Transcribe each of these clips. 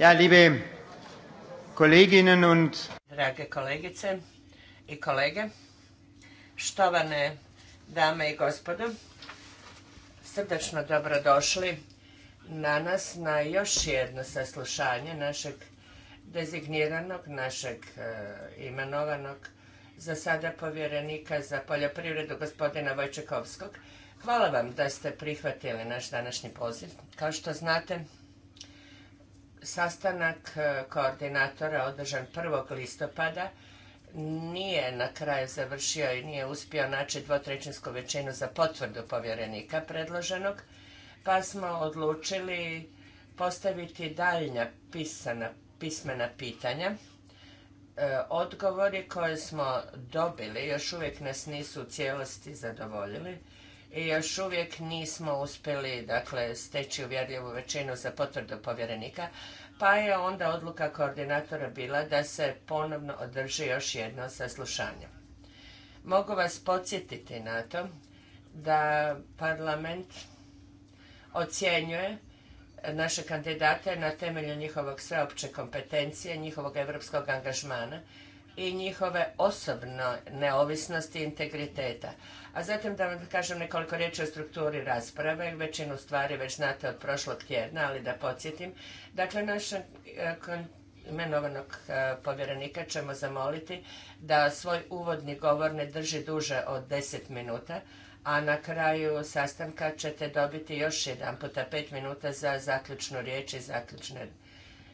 Ja, liebe und Drage kolegice i kolege, štovane dame i gospodo, srdačno dobrodošli na nas na još jedno saslušanje našeg dezigniranog, našeg e, imenovanog za sada povjerenika za poljoprivredu gospodina Vojčekovskog. Hvala vam da ste prihvatili naš današnji poziv. Kao što znate, sastanak e, koordinatora održan 1. listopada nije na kraju završio i nije uspio naći dvotrećinsku većinu za potvrdu povjerenika predloženog, pa smo odlučili postaviti daljnja pisana, pismena pitanja. E, odgovori koje smo dobili još uvijek nas nisu u cijelosti zadovoljili i još uvijek nismo uspjeli dakle, steći uvjerljivu većinu za potvrdu povjerenika, pa je onda odluka koordinatora bila da se ponovno održi još jedno saslušanje. Mogu vas podsjetiti na to da parlament ocjenjuje naše kandidate na temelju njihovog sveopće kompetencije, njihovog evropskog angažmana i njihove osobne neovisnosti i integriteta. A zatim da vam kažem nekoliko riječi o strukturi rasprave, većinu stvari već znate od prošlog tjedna, ali da podsjetim. Dakle, naša e, imenovanog e, povjerenika ćemo zamoliti da svoj uvodni govor ne drži duže od deset minuta, a na kraju sastanka ćete dobiti još jedan puta pet minuta za zaključnu riječ i zaključnu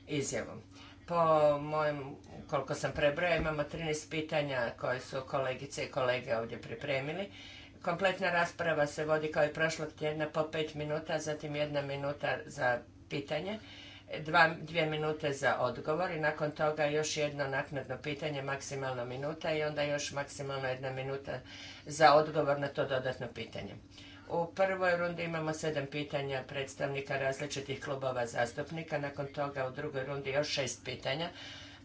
izjavu. Po mojem koliko sam prebrojao, imamo 13 pitanja koje su kolegice i kolege ovdje pripremili. Kompletna rasprava se vodi kao i prošlog tjedna po 5 minuta, zatim jedna minuta za pitanje, dvije minute za odgovor i nakon toga još jedno naknadno pitanje, maksimalno minuta i onda još maksimalno jedna minuta za odgovor na to dodatno pitanje. U prvoj rundi imamo sedam pitanja predstavnika različitih klubova zastupnika, nakon toga u drugoj rundi još šest pitanja,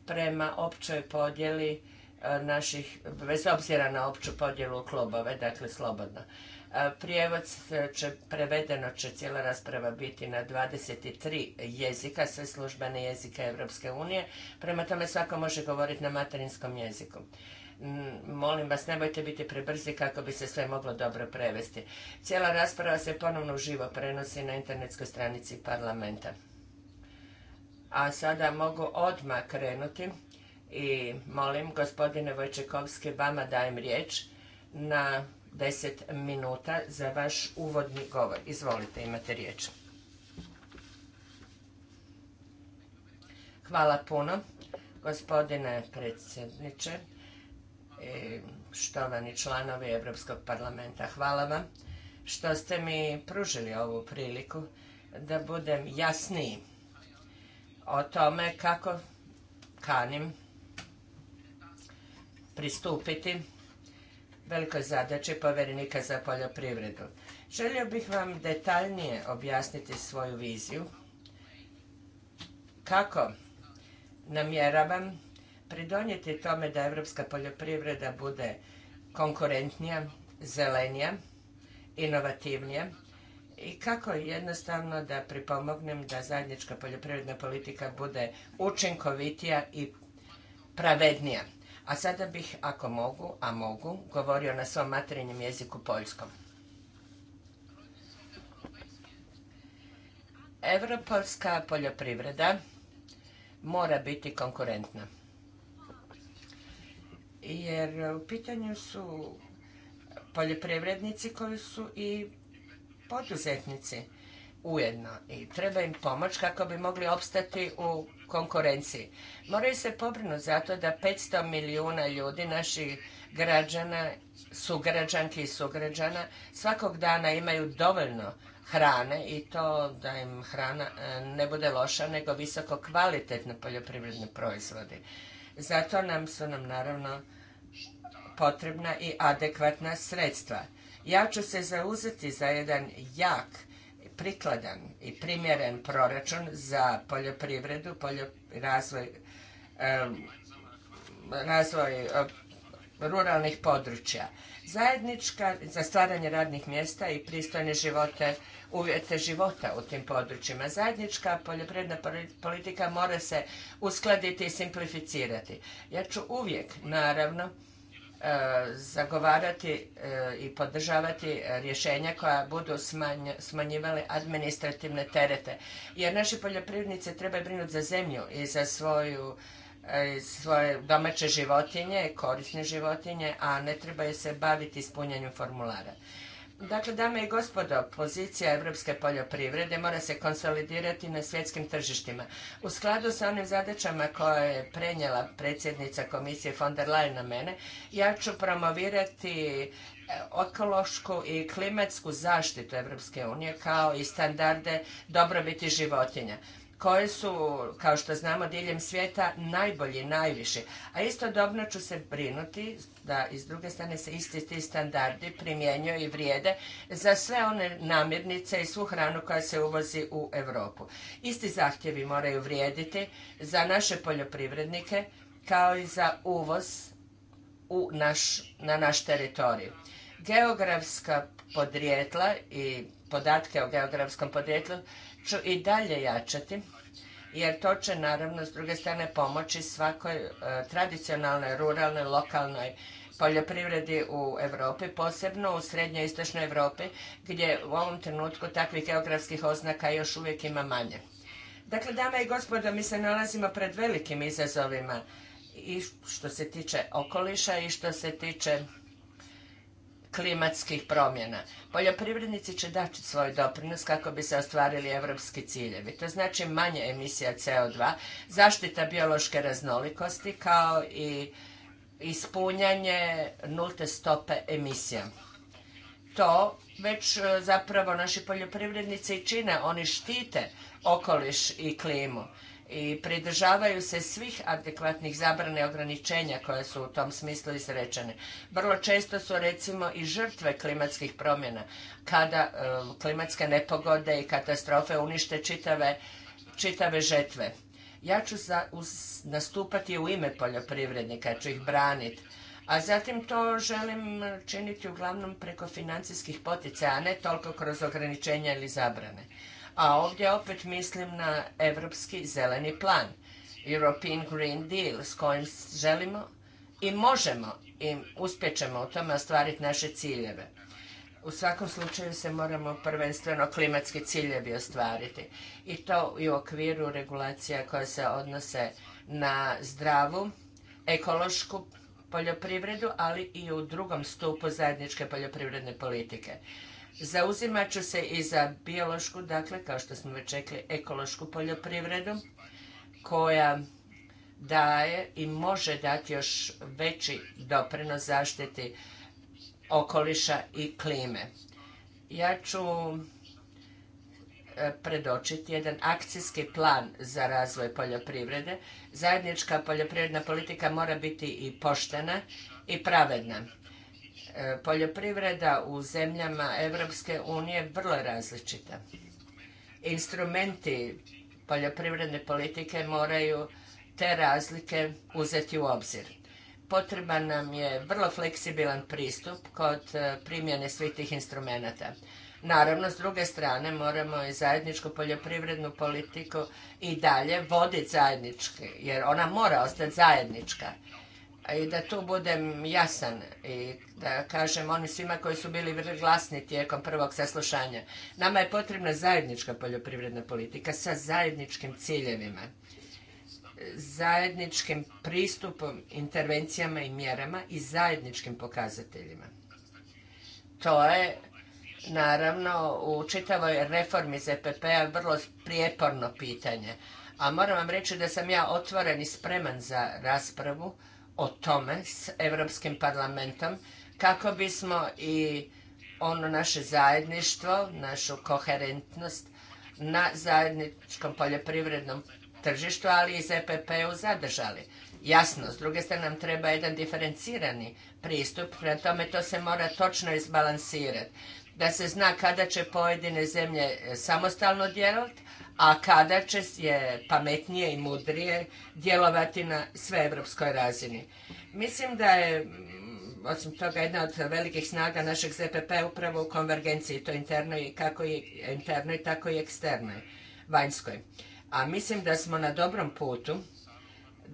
prema općoj podjeli e, naših, bez obzira na opću podjelu klubove, dakle slobodno. E, prijevod će, prevedeno će cijela rasprava biti na 23 jezika, sve službene jezike Europske unije, prema tome svako može govoriti na materinskom jeziku. Molim vas, nemojte biti prebrzi kako bi se sve moglo dobro prevesti. Cijela rasprava se ponovno uživo prenosi na internetskoj stranici parlamenta. A sada mogu odmah krenuti i molim gospodine Vojčekovski vama dajem riječ na 10 minuta za vaš uvodni govor. Izvolite, imate riječ. Hvala puno, gospodine predsjedniče i štovani članovi Europskog parlamenta. Hvala vam što ste mi pružili ovu priliku da budem jasniji o tome kako kanim pristupiti velikoj zadaći povjerenika za poljoprivredu. Želio bih vam detaljnije objasniti svoju viziju kako namjeravam pridonijeti tome da evropska poljoprivreda bude konkurentnija, zelenija, inovativnija i kako je jednostavno da pripomognem da zajednička poljoprivredna politika bude učinkovitija i pravednija. A sada bih, ako mogu, a mogu, govorio na svom materinjem jeziku poljskom. Evropolska poljoprivreda mora biti konkurentna. Jer u pitanju su poljoprivrednici koji su i poduzetnici ujedno i treba im pomoć kako bi mogli opstati u konkurenciji. Moraju se pobrinuti zato da 500 milijuna ljudi, naših građana, sugrađanki i sugrađana, svakog dana imaju dovoljno hrane i to da im hrana e, ne bude loša nego visoko kvalitetne poljoprivredne proizvode. Zato nam su nam naravno potrebna i adekvatna sredstva. Ja ću se zauzeti za jedan jak, prikladan i primjeren proračun za poljoprivredu, razvoj, ruralnih područja. Zajednička za stvaranje radnih mjesta i pristojne živote, uvjete života u tim područjima. Zajednička poljoprivredna politika mora se uskladiti i simplificirati. Ja ću uvijek, naravno, zagovarati e, i podržavati rješenja koja budu smanjivali administrativne terete. Jer naši poljoprivrednice trebaju brinuti za zemlju i za svoju e, svoje domaće životinje, korisne životinje, a ne trebaju se baviti ispunjanjem formulara. Dakle, dame i gospodo, pozicija europske poljoprivrede mora se konsolidirati na svjetskim tržištima. U skladu sa onim zadaćama koje je prenijela predsjednica komisije von der Leyen na mene, ja ću promovirati e, ekološku i klimatsku zaštitu Evropske unije kao i standarde dobrobiti životinja koje su, kao što znamo, diljem svijeta najbolji, najviši. A istodobno ću se brinuti da iz druge strane se isti ti standardi primjenjuju i vrijede za sve one namirnice i svu hranu koja se uvozi u Europu. Isti zahtjevi moraju vrijediti za naše poljoprivrednike kao i za uvoz u naš, na naš teritorij. Geografska podrijetla i podatke o geografskom podrijetlu ću i dalje jačati jer to će naravno s druge strane pomoći svakoj e, tradicionalnoj, ruralnoj, lokalnoj poljoprivredi u Europi, posebno u srednjoj istočnoj Europi gdje u ovom trenutku takvih geografskih oznaka još uvijek ima manje. Dakle, dame i gospodo, mi se nalazimo pred velikim izazovima i što se tiče okoliša i što se tiče klimatskih promjena. Poljoprivrednici će dati svoj doprinos kako bi se ostvarili europski ciljevi. To znači manje emisija CO2, zaštita biološke raznolikosti kao i ispunjanje nulte stope emisija. To već e, zapravo naši poljoprivrednici i čine, oni štite okoliš i klimu i pridržavaju se svih adekvatnih zabrane ograničenja koja su u tom smislu izrečene. Vrlo često su recimo i žrtve klimatskih promjena kada e, klimatske nepogode i katastrofe unište čitave, čitave žetve. Ja ću za, nastupati u ime poljoprivrednika, ću ih braniti. A zatim to želim činiti uglavnom preko financijskih poticaja, a ne toliko kroz ograničenja ili zabrane a ovdje opet mislim na Europski zeleni plan, European Green Deal, s kojim želimo i možemo i uspjećemo ćemo u tome ostvariti naše ciljeve. U svakom slučaju se moramo prvenstveno klimatski ciljevi ostvariti i to i u okviru regulacija koja se odnose na zdravu, ekološku poljoprivredu, ali i u drugom stupu zajedničke poljoprivredne politike. Zauzimat ću se i za biološku, dakle, kao što smo već rekli, ekološku poljoprivredu, koja daje i može dati još veći doprinos zaštiti okoliša i klime. Ja ću e, predočiti jedan akcijski plan za razvoj poljoprivrede. Zajednička poljoprivredna politika mora biti i poštena i pravedna E, poljoprivreda u zemljama Evropske unije vrlo različita. Instrumenti poljoprivredne politike moraju te razlike uzeti u obzir. Potreban nam je vrlo fleksibilan pristup kod e, primjene svih tih instrumenata. Naravno, s druge strane, moramo i zajedničku poljoprivrednu politiku i dalje voditi zajednički, jer ona mora ostati zajednička i da tu budem jasan i da kažem onim svima koji su bili glasni tijekom prvog saslušanja. Nama je potrebna zajednička poljoprivredna politika sa zajedničkim ciljevima, zajedničkim pristupom, intervencijama i mjerama i zajedničkim pokazateljima. To je naravno u čitavoj reformi ZPP-a vrlo prijeporno pitanje. A moram vam reći da sam ja otvoren i spreman za raspravu o tome s Europskim parlamentom kako bismo i ono naše zajedništvo, našu koherentnost na zajedničkom poljoprivrednom tržištu, ali i ZPP-u zadržali. Jasno, s druge strane nam treba jedan diferencirani pristup, prema tome to se mora točno izbalansirati. Da se zna kada će pojedine zemlje samostalno djelovati, a kada će je pametnije i mudrije djelovati na sveevropskoj razini. Mislim da je mm, osim toga jedna od velikih snaga našeg ZPP upravo u konvergenciji, to internoj, kako i internoj, tako i eksternoj, vanjskoj. A mislim da smo na dobrom putu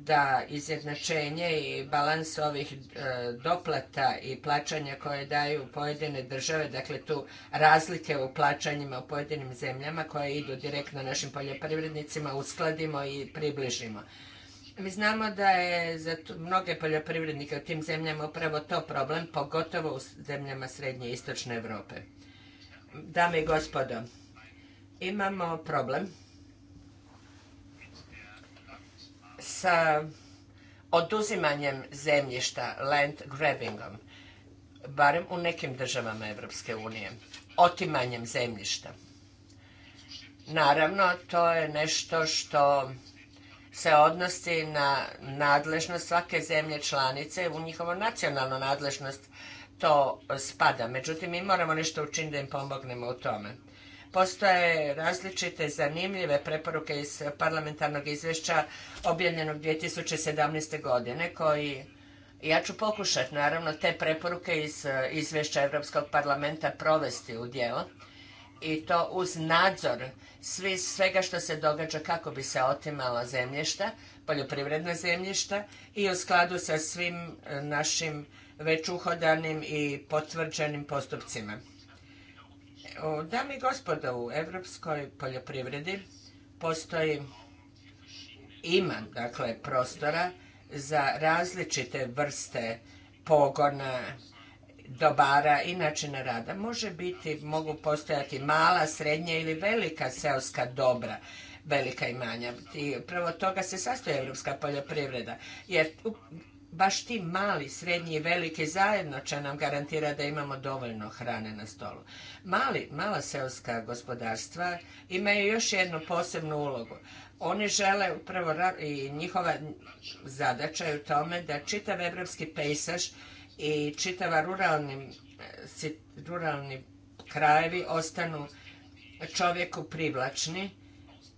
da izjednačenje i balans ovih e, doplata i plaćanja koje daju pojedine države, dakle tu razlike u plaćanjima u pojedinim zemljama koje idu direktno našim poljoprivrednicima, uskladimo i približimo. Mi znamo da je za mnoge poljoprivrednike u tim zemljama upravo to problem, pogotovo u zemljama Srednje i Istočne Europe. Dame i gospodo, imamo problem sa oduzimanjem zemljišta, land grabbingom, barem u nekim državama Evropske unije, otimanjem zemljišta. Naravno, to je nešto što se odnosi na nadležnost svake zemlje članice, u njihovu nacionalnu nadležnost to spada. Međutim, mi moramo nešto učiniti da im pomognemo u tome postoje različite zanimljive preporuke iz parlamentarnog izvješća objavljenog 2017. godine koji ja ću pokušati naravno te preporuke iz e, izvješća Europskog parlamenta provesti u djelo i to uz nadzor svi, svega što se događa kako bi se otimala zemljišta, poljoprivredna zemljišta i u skladu sa svim e, našim već uhodanim i potvrđenim postupcima. Dame i gospodo, u evropskoj poljoprivredi postoji, ima dakle prostora za različite vrste pogona, dobara i načina rada. Može biti, mogu postojati mala, srednja ili velika seoska dobra, velika imanja. I prvo toga se sastoji europska poljoprivreda. Jer baš ti mali, srednji i veliki zajedno će nam garantirati da imamo dovoljno hrane na stolu. Mali, mala seoska gospodarstva imaju još jednu posebnu ulogu. Oni žele upravo i njihova zadaća je u tome da čitav evropski pejsaž i čitava ruralni, ruralni krajevi ostanu čovjeku privlačni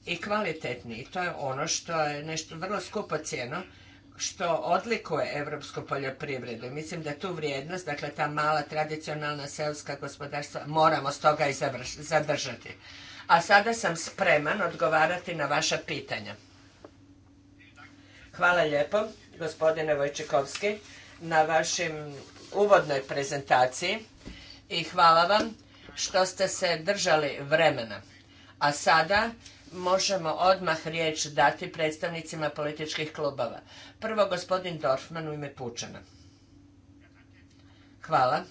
i kvalitetni. I to je ono što je nešto vrlo skupo cijeno što odlikuje europsku poljoprivredu. I mislim da tu vrijednost, dakle ta mala tradicionalna seoska gospodarstva moramo stoga i zadržati. A sada sam spreman odgovarati na vaša pitanja. Hvala lijepo, gospodine Vojčekovski, na vašim uvodnoj prezentaciji i hvala vam što ste se držali vremena. A sada možemo odmah riječ dati predstavnicima političkih klubova. Prvo gospodin Dorfman u ime Pučana. Hvala.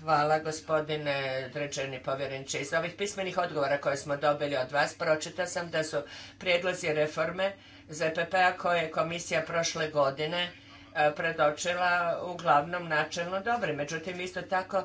Hvala gospodine Dređeni povjerenče. Iz ovih pismenih odgovora koje smo dobili od vas pročita sam da su prijedlozi reforme ZPP-a koje je komisija prošle godine E, predočila uglavnom načelno dobri. Međutim, isto tako e,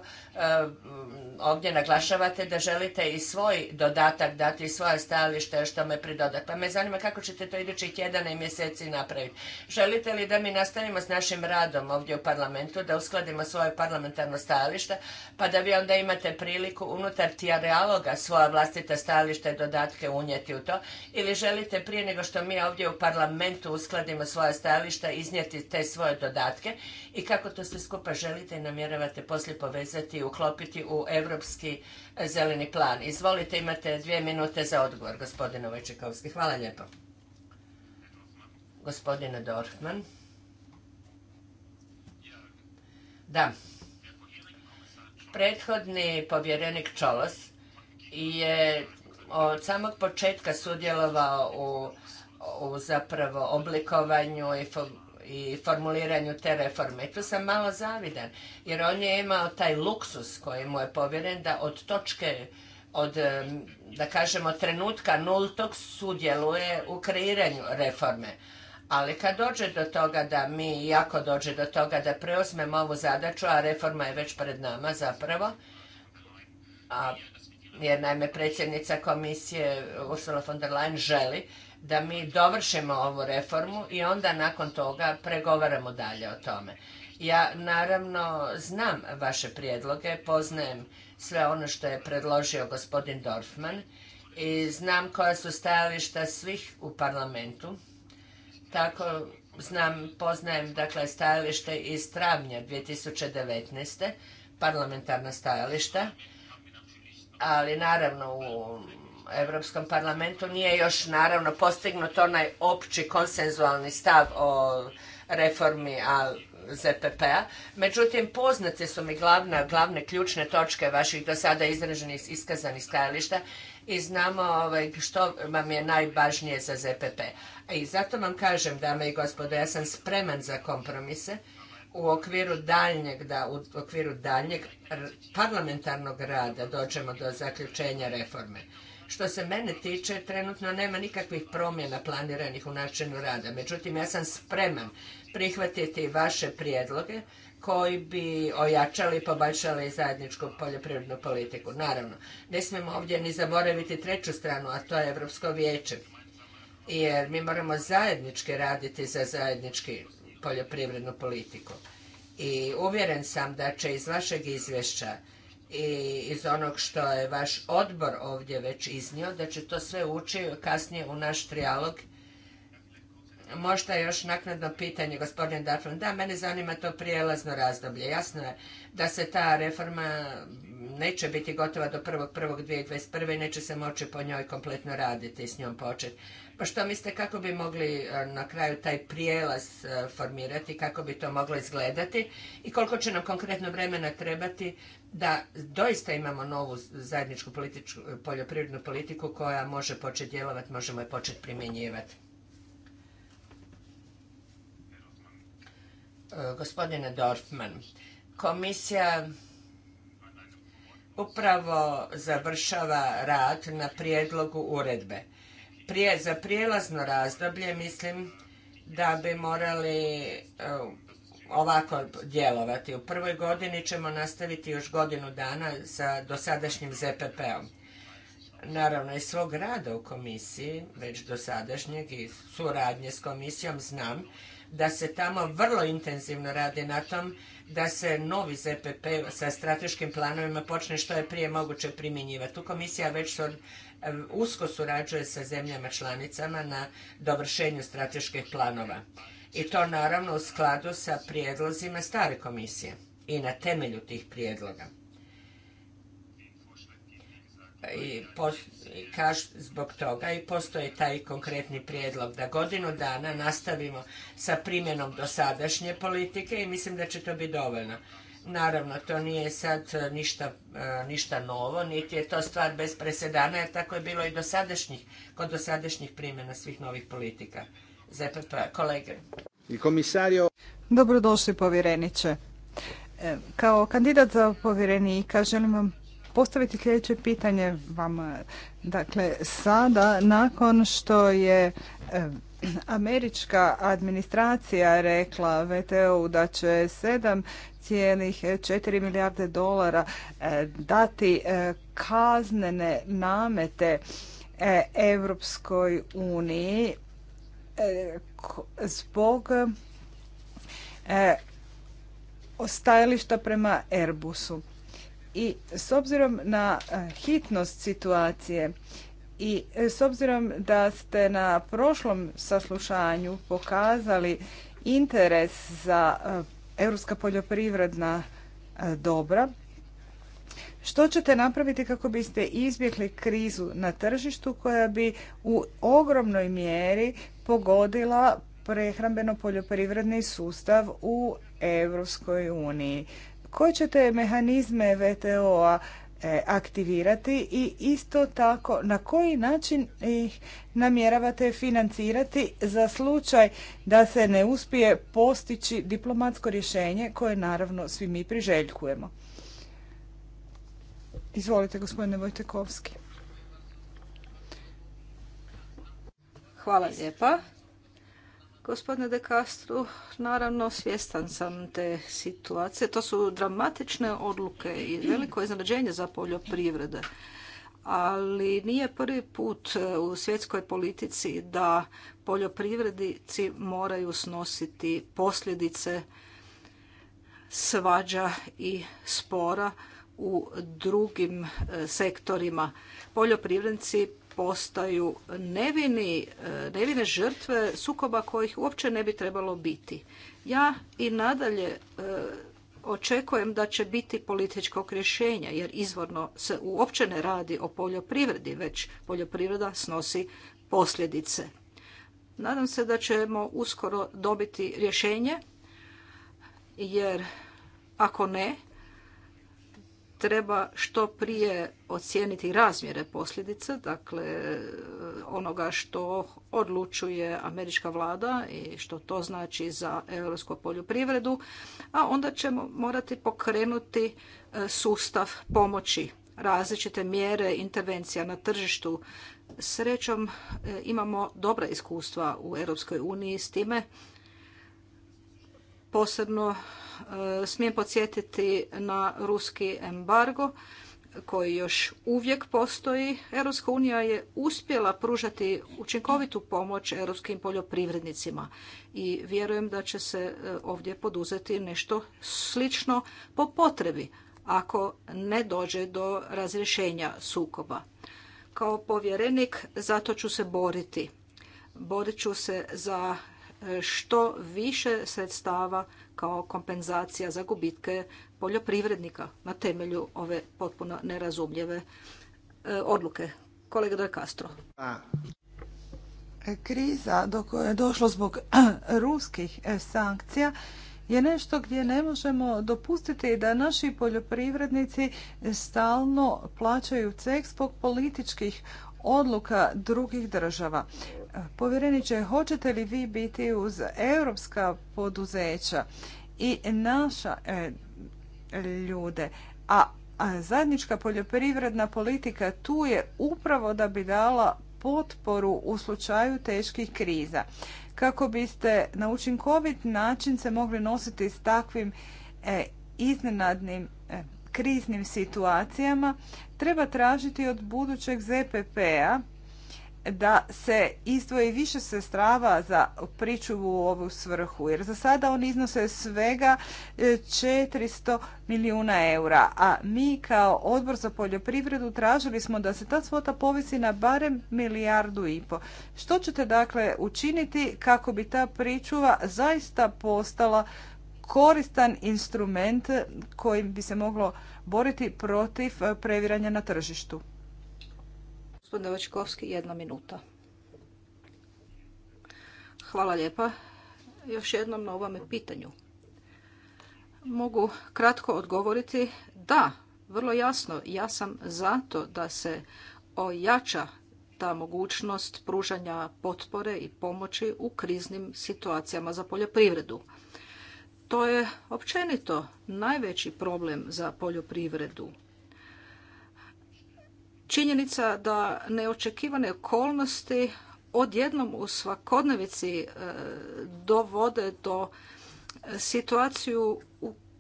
ovdje naglašavate da želite i svoj dodatak dati, svoje stajalište što me pridoda. Pa me zanima kako ćete to idućih tjedana i mjeseci napraviti. Želite li da mi nastavimo s našim radom ovdje u parlamentu, da uskladimo svoje parlamentarno stajalište, pa da vi onda imate priliku unutar realoga svoja vlastita stajališta i dodatke unijeti u to, ili želite prije nego što mi ovdje u parlamentu uskladimo svoje stajališta iznijeti te svoje dodatke i kako to sve skupa želite i namjeravate poslije povezati i uklopiti u europski e, zeleni plan. Izvolite, imate dvije minute za odgovor, gospodine Vojčekovski. Hvala lijepo. Gospodine Dorfman. Da. Prethodni povjerenik Čolos je od samog početka sudjelovao u, u zapravo oblikovanju i i formuliranju te reforme. I tu sam malo zavidan, jer on je imao taj luksus koji mu je povjeren da od točke od, da kažemo, trenutka nultog sudjeluje u kreiranju reforme. Ali kad dođe do toga da mi, jako dođe do toga da preuzmemo ovu zadaću, a reforma je već pred nama zapravo, a, jer naime predsjednica komisije Ursula von der Leyen želi da mi dovršimo ovu reformu i onda nakon toga pregovaramo dalje o tome. Ja naravno znam vaše prijedloge, poznajem sve ono što je predložio gospodin Dorfman i znam koja su stajališta svih u parlamentu. Tako znam, poznajem dakle stajalište iz travnja 2019. parlamentarna stajališta, ali naravno u Europskom parlamentu nije još naravno postignut onaj opći konsenzualni stav o reformi ZPP-a. Međutim, poznate su mi glavne ključne točke vaših do sada izraženih iskazanih stajališta i znamo ovaj, što vam je najvažnije za ZPP. I zato vam kažem, dame i gospodo, ja sam spreman za kompromise u okviru daljnjeg, da u okviru daljnjeg parlamentarnog rada dođemo do zaključenja reforme. Što se mene tiče, trenutno nema nikakvih promjena planiranih u načinu rada. Međutim, ja sam spreman prihvatiti vaše prijedloge koji bi ojačali i poboljšali zajedničku poljoprivrednu politiku. Naravno, ne smijemo ovdje ni zaboraviti treću stranu, a to je Europsko vijeće. Jer mi moramo zajednički raditi za zajednički poljoprivrednu politiku. I uvjeren sam da će iz vašeg izvješća i iz onog što je vaš odbor ovdje već iznio, da će to sve ući kasnije u naš trijalog. Možda još naknadno pitanje, gospodine Da, mene zanima to prijelazno razdoblje. Jasno je da se ta reforma neće biti gotova do 1.1.2021. i neće se moći po njoj kompletno raditi i s njom početi. Pa što mislite kako bi mogli e, na kraju taj prijelaz e, formirati, kako bi to moglo izgledati i koliko će nam konkretno vremena trebati da doista imamo novu zajedničku poljoprivrednu politiku koja može početi djelovati, možemo je početi primjenjivati. E, gospodine Dorfman, komisija upravo završava rad na prijedlogu uredbe prije, za prijelazno razdoblje mislim da bi morali e, ovako djelovati. U prvoj godini ćemo nastaviti još godinu dana sa dosadašnjim ZPP-om. Naravno, iz svog rada u komisiji, već dosadašnjeg i suradnje s komisijom, znam da se tamo vrlo intenzivno radi na tom da se novi ZPP sa strateškim planovima počne što je prije moguće primjenjivati. Tu komisija već od usko surađuje sa zemljama članicama na dovršenju strateških planova. I to naravno u skladu sa prijedlozima stare komisije i na temelju tih prijedloga. I zbog toga i postoji taj konkretni prijedlog da godinu dana nastavimo sa primjenom dosadašnje politike i mislim da će to biti dovoljno. Naravno, to nije sad e, e, ništa, novo, niti je to stvar bez presedana, jer tako je bilo i kod dosadašnjih primjena svih novih politika. ZPP, pa, kolege. I komisario... Dobrodošli, povjereniče. E, kao kandidat za povjerenika želim vam postaviti sljedeće pitanje vam. Dakle, sada, nakon što je američka administracija rekla VTO-u da će 7,4 milijarde dolara e, dati e, kaznene namete e, Evropskoj uniji zbog stajališta prema Airbusu. I s obzirom na hitnost situacije, i e, s obzirom da ste na prošlom saslušanju pokazali interes za e, europska poljoprivredna e, dobra, što ćete napraviti kako biste izbjegli krizu na tržištu koja bi u ogromnoj mjeri pogodila prehrambeno poljoprivredni sustav u Europskoj uniji? Koje ćete mehanizme VTO-a E, aktivirati i isto tako na koji način ih namjeravate financirati za slučaj da se ne uspije postići diplomatsko rješenje koje naravno svi mi priželjkujemo. Izvolite gospodine Vojtekovski. Hvala lijepa. Gospodine De Castro, naravno svjestan sam te situacije. To su dramatične odluke i veliko iznenađenje za poljoprivrede. Ali nije prvi put e, u svjetskoj politici da poljoprivrednici moraju snositi posljedice svađa i spora u drugim e, sektorima. Poljoprivrednici postaju nevini, e, nevine žrtve sukoba kojih uopće ne bi trebalo biti. Ja i nadalje e, očekujem da će biti političkog rješenja jer izvorno se uopće ne radi o poljoprivredi, već poljoprivreda snosi posljedice. Nadam se da ćemo uskoro dobiti rješenje jer ako ne, treba što prije ocijeniti razmjere posljedice, dakle onoga što odlučuje američka vlada i što to znači za europsku poljoprivredu, a onda ćemo morati pokrenuti e, sustav pomoći, različite mjere intervencija na tržištu. Srećom e, imamo dobra iskustva u Europskoj uniji s time Posebno e, smijem podsjetiti na ruski embargo koji još uvijek postoji. Europska unija je uspjela pružati učinkovitu pomoć europskim poljoprivrednicima i vjerujem da će se e, ovdje poduzeti nešto slično po potrebi ako ne dođe do razrješenja sukoba. Kao povjerenik zato ću se boriti. Borit ću se za što više sredstava kao kompenzacija za gubitke poljoprivrednika na temelju ove potpuno nerazumljive e, odluke. Kolega Doj Castro. Kriza do koje je došlo zbog ruskih e, sankcija je nešto gdje ne možemo dopustiti da naši poljoprivrednici stalno plaćaju ceh zbog političkih odluka drugih država. Povjereniče, hoćete li vi biti uz europska poduzeća i naša e, ljude? A, zajednička poljoprivredna politika tu je upravo da bi dala potporu u slučaju teških kriza. Kako biste na učinkovit način se mogli nositi s takvim e, iznenadnim e, kriznim situacijama, treba tražiti od budućeg ZPP-a da se izdvoji više sestrava za pričuvu u ovu svrhu, jer za sada oni iznose svega 400 e, milijuna eura, a mi kao odbor za poljoprivredu tražili smo da se ta svota povisi na barem milijardu i po. Što ćete dakle učiniti kako bi ta pričuva zaista postala koristan instrument kojim bi se moglo boriti protiv e, previranja na tržištu? Gospodine jedna minuta. Hvala lijepa. Još jednom na ovome pitanju. Mogu kratko odgovoriti da, vrlo jasno, ja sam zato da se ojača ta mogućnost pružanja potpore i pomoći u kriznim situacijama za poljoprivredu. To je općenito najveći problem za poljoprivredu činjenica da neočekivane okolnosti odjednom u svakodnevici e, dovode do situaciju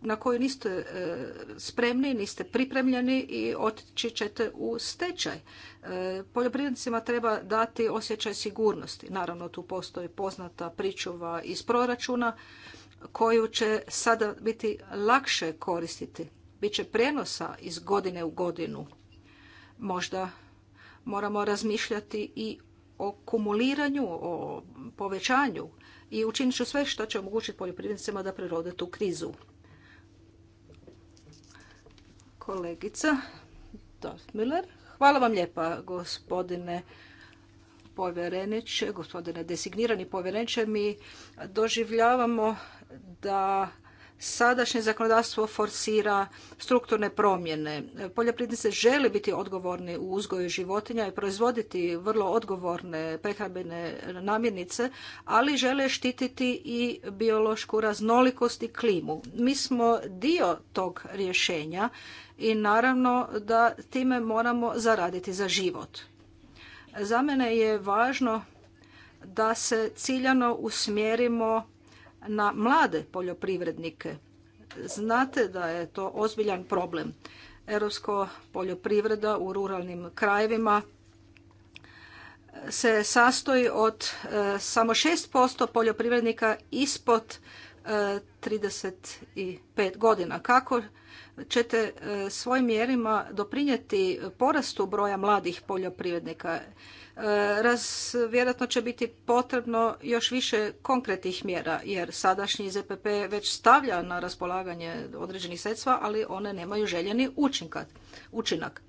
na koju niste e, spremni, niste pripremljeni i otići ćete u stečaj. E, poljoprivrednicima treba dati osjećaj sigurnosti. Naravno, tu postoji poznata pričuva iz proračuna koju će sada biti lakše koristiti. Biće prijenosa iz godine u godinu Možda moramo razmišljati i o kumuliranju, o povećanju i učinit ću sve što će omogućiti poljoprivrednicima da prirode tu krizu. Kolegica Dorfmiller. Hvala vam lijepa, gospodine povjereniče, gospodine designirani povjereniče. Mi doživljavamo da sadašnje zakonodavstvo forsira strukturne promjene. Poljoprivrednici žele biti odgovorni u uzgoju životinja i proizvoditi vrlo odgovorne prehrambene namirnice, ali žele štititi i biološku raznolikost i klimu. Mi smo dio tog rješenja i naravno da time moramo zaraditi za život. Za mene je važno da se ciljano usmjerimo na mlade poljoprivrednike. Znate da je to ozbiljan problem. Europsko poljoprivreda u ruralnim krajevima e, se sastoji od e, samo 6% poljoprivrednika ispod 35 e, godina. Kako ćete svojim mjerima doprinijeti porastu broja mladih poljoprivrednika? Raz, vjerojatno će biti potrebno još više konkretnih mjera jer sadašnji ZPP već stavlja na raspolaganje određenih sredstva, ali one nemaju željeni učinak.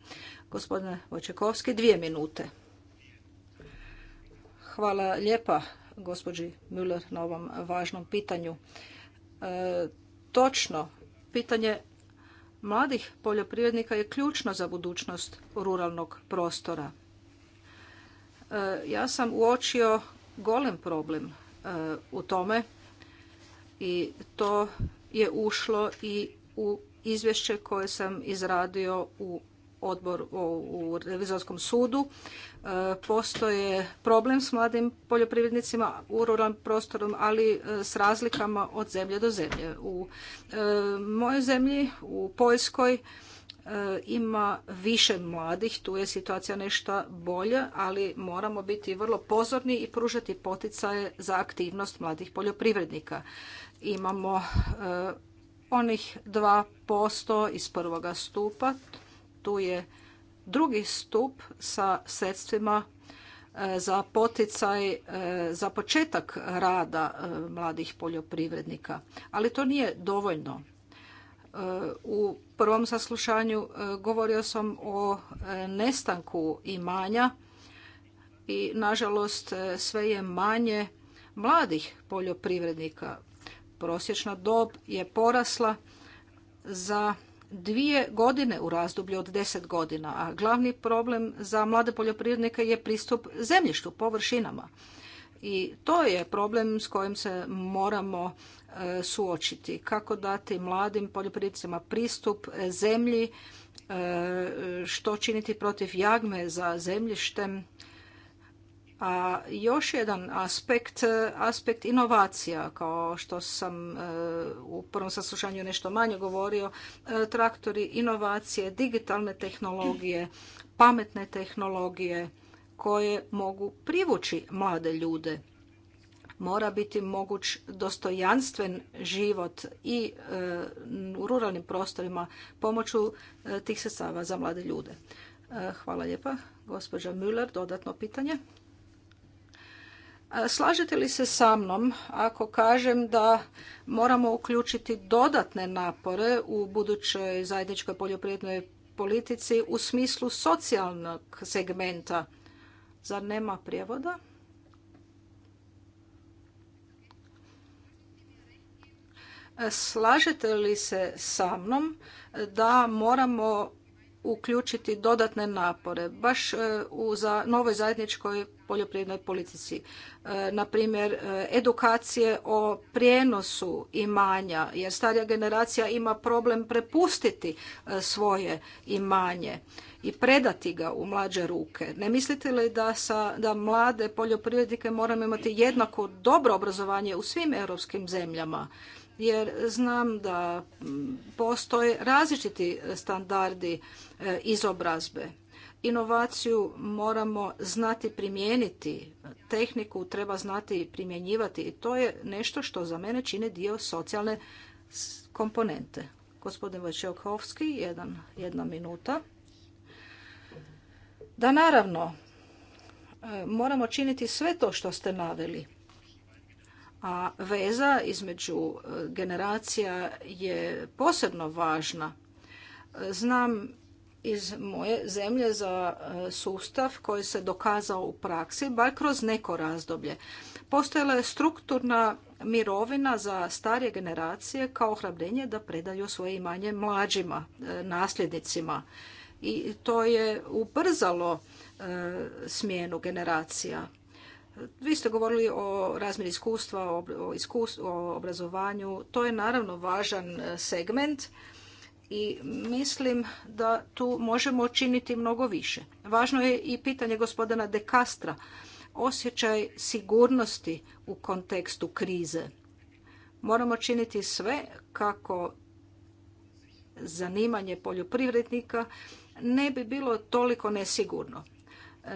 Gospodine Vojčekovski, dvije minute. Hvala lijepa gospođi Müller na ovom važnom pitanju. E, točno, pitanje mladih poljoprivrednika je ključno za budućnost ruralnog prostora. E, ja sam uočio golem problem e, u tome i to je ušlo i u izvješće koje sam izradio u odbor u revizorskom sudu. E, postoje problem s mladim poljoprivrednicima u ruralnom prostorom, ali s razlikama od zemlje do zemlje. U mojoj zemlji, u Poljskoj, E, ima više mladih, tu je situacija nešto bolja, ali moramo biti vrlo pozorni i pružati poticaje za aktivnost mladih poljoprivrednika. Imamo e, onih 2% iz prvoga stupa, tu je drugi stup sa sredstvima e, za poticaj za početak rada mladih poljoprivrednika. Ali to nije dovoljno. U prvom saslušanju e, govorio sam o e, nestanku imanja i nažalost e, sve je manje mladih poljoprivrednika. Prosječna dob je porasla za dvije godine u razdoblju od deset godina, a glavni problem za mlade poljoprivrednike je pristup zemljištu, površinama. I to je problem s kojim se moramo E, suočiti. Kako dati mladim poljoprivrednicima pristup zemlji, e, što činiti protiv jagme za zemljištem. A još jedan aspekt, aspekt inovacija, kao što sam e, u prvom saslušanju nešto manje govorio, traktori, inovacije, digitalne tehnologije, pametne tehnologije koje mogu privući mlade ljude mora biti moguć dostojanstven život i e, u ruralnim prostorima pomoću e, tih sredstava za mlade ljude. E, hvala lijepa. Gospođa Müller, dodatno pitanje. Slažete li se sa mnom ako kažem da moramo uključiti dodatne napore u budućoj zajedničkoj poljoprivrednoj politici u smislu socijalnog segmenta? Zar nema prijevoda? Slažete li se sa mnom da moramo uključiti dodatne napore baš e, u za novoj zajedničkoj poljoprivrednoj politici. E, na primjer, e, edukacije o prijenosu imanja, jer starija generacija ima problem prepustiti svoje imanje i predati ga u mlađe ruke. Ne mislite li da, sa, da mlade poljoprivrednike moramo imati jednako dobro obrazovanje u svim europskim zemljama? jer znam da postoje različiti standardi e, izobrazbe. Inovaciju moramo znati primijeniti, tehniku treba znati primjenjivati i to je nešto što za mene čine dio socijalne komponente. Gospodin Vojčeokovski, jedna minuta. Da naravno, e, moramo činiti sve to što ste naveli a veza između e, generacija je posebno važna. Znam iz moje zemlje za e, sustav koji se dokazao u praksi, bar kroz neko razdoblje. Postojala je strukturna mirovina za starije generacije kao ohrabrenje da predaju svoje imanje mlađima, e, nasljednicima. I to je ubrzalo smjenu generacija. Vi ste govorili o razmjeri iskustva, o, o obrazovanju. To je naravno važan e, segment i mislim da tu možemo činiti mnogo više. Važno je i pitanje gospodina De Castra. Osjećaj sigurnosti u kontekstu krize. Moramo činiti sve kako zanimanje poljoprivrednika ne bi bilo toliko nesigurno.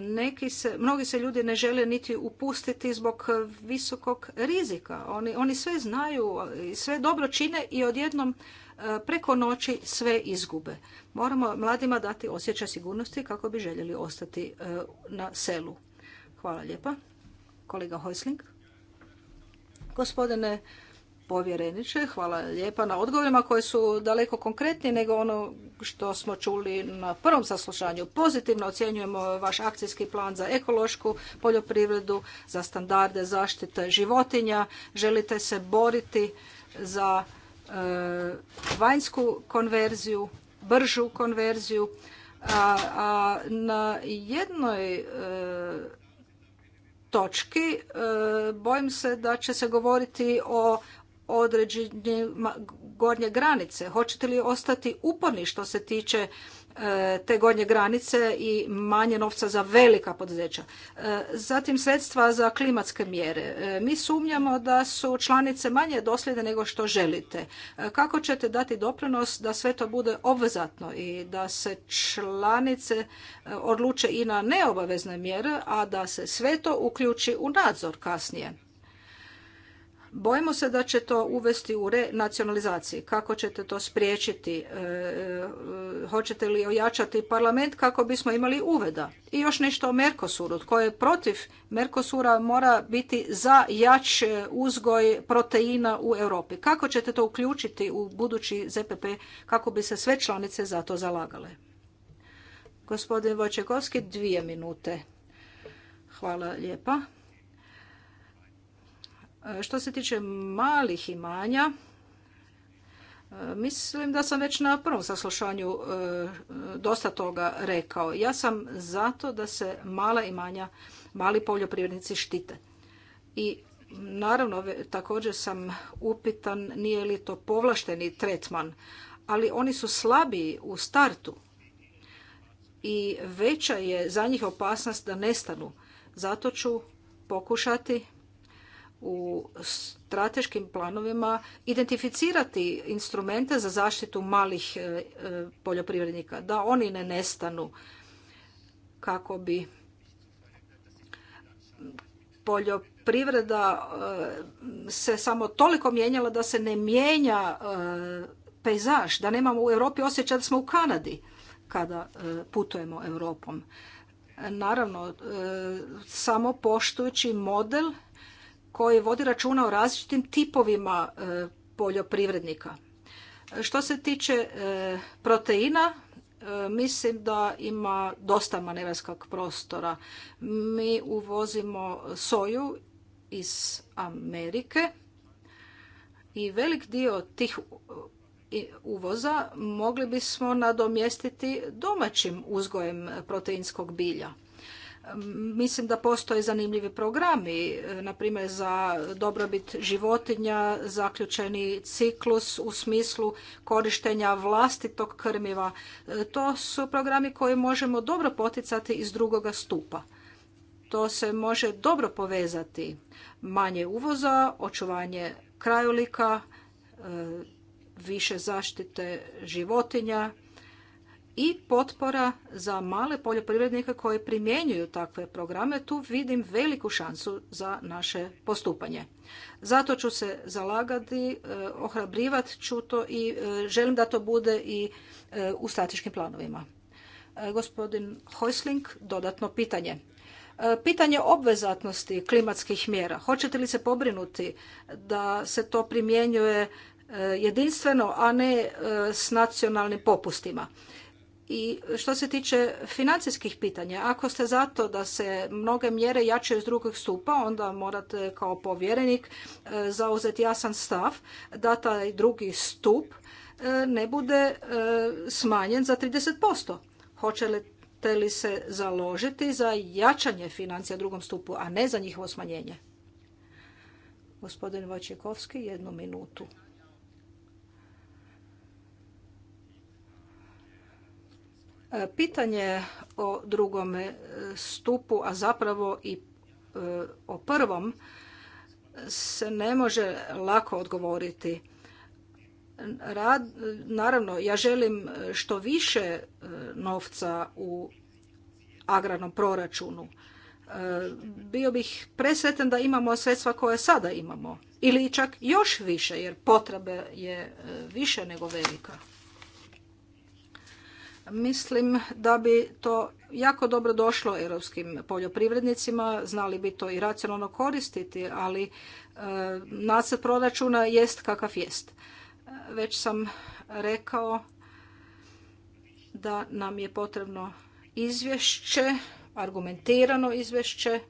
Neki se, mnogi se ljudi ne žele niti upustiti zbog visokog rizika. Oni, oni sve znaju, sve dobro čine i odjednom e, preko noći sve izgube. Moramo mladima dati osjećaj sigurnosti kako bi željeli ostati e, na selu. Hvala lijepa. Kolega Hojsling. Gospodine povjereniče. Hvala lijepa na odgovorima koje su daleko konkretni nego ono što smo čuli na prvom saslušanju. Pozitivno ocjenjujemo vaš akcijski plan za ekološku poljoprivredu, za standarde zaštite životinja. Želite se boriti za e, vanjsku konverziju, bržu konverziju. A, na jednoj e, točki e, bojim se da će se govoriti o određenje gornje granice? Hoćete li ostati uporni što se tiče e, te gornje granice i manje novca za velika poduzeća. E, zatim sredstva za klimatske mjere. E, mi sumnjamo da su članice manje dosljede nego što želite. Kako ćete dati doprinos da sve to bude obvezatno i da se članice odluče i na neobavezne mjere, a da se sve to uključi u nadzor kasnije? Bojimo se da će to uvesti u renacionalizaciji. Kako ćete to spriječiti? E, e, hoćete li ojačati parlament kako bismo imali uveda? I još nešto o Merkosuru. Tko je protiv Merkosura mora biti za jač e, uzgoj proteina u Europi. Kako ćete to uključiti u budući ZPP kako bi se sve članice za to zalagale? Gospodin Vojčekovski, dvije minute. Hvala lijepa. Što se tiče malih imanja, e, mislim da sam već na prvom saslušanju e, dosta toga rekao. Ja sam zato da se mala imanja, mali poljoprivrednici štite. I naravno također sam upitan nije li to povlašteni tretman, ali oni su slabiji u startu i veća je za njih opasnost da nestanu. Zato ću pokušati u strateškim planovima identificirati instrumente za zaštitu malih e, poljoprivrednika, da oni ne nestanu kako bi poljoprivreda e, se samo toliko mijenjala da se ne mijenja e, pejzaž, da nemamo u Europi osjećaj da smo u Kanadi kada putujemo Europom. Naravno, samo poštujući model koji vodi računa o različitim tipovima e, poljoprivrednika. Što se tiče e, proteina, e, mislim da ima dosta manevarskog prostora. Mi uvozimo soju iz Amerike i velik dio tih uvoza mogli bismo nadomjestiti domaćim uzgojem proteinskog bilja. Mislim da postoje zanimljivi programi, e, na primjer za dobrobit životinja, zaključeni ciklus u smislu korištenja vlastitog krmiva. E, to su programi koje možemo dobro poticati iz drugoga stupa. To se može dobro povezati. Manje uvoza, očuvanje krajolika, e, više zaštite životinja i potpora za male poljoprivrednike koji primjenjuju takve programe, tu vidim veliku šansu za naše postupanje. Zato ću se zalagati, e, ohrabrivat ću to i e, želim da to bude i e, u strateškim planovima. Gospodin Hojsling, dodatno pitanje. Pitanje obvezatnosti klimatskih mjera. Hoćete li se pobrinuti da se to primjenjuje jedinstveno, a ne s nacionalnim popustima? I što se tiče financijskih pitanja, ako ste zato da se mnoge mjere jačaju iz drugog stupa, onda morate kao povjerenik e, zauzeti jasan stav da taj drugi stup e, ne bude e, smanjen za 30%. Hoćete li se založiti za jačanje financija drugom stupu, a ne za njihovo smanjenje? Gospodin Vojčekovski, jednu minutu. E, pitanje o drugom e, stupu, a zapravo i e, o prvom, se ne može lako odgovoriti. naravno, ja želim što više novca u agrarnom proračunu. Bio bih presretan da imamo sredstva koje sada imamo. Ili čak još više, jer potrebe je više nego velika. Mislim da bi to jako dobro došlo europskim poljoprivrednicima, znali bi to i racionalno koristiti, ali e, nacrt proračuna jest kakav jest. Već sam rekao da nam je potrebno izvješće, argumentirano izvješće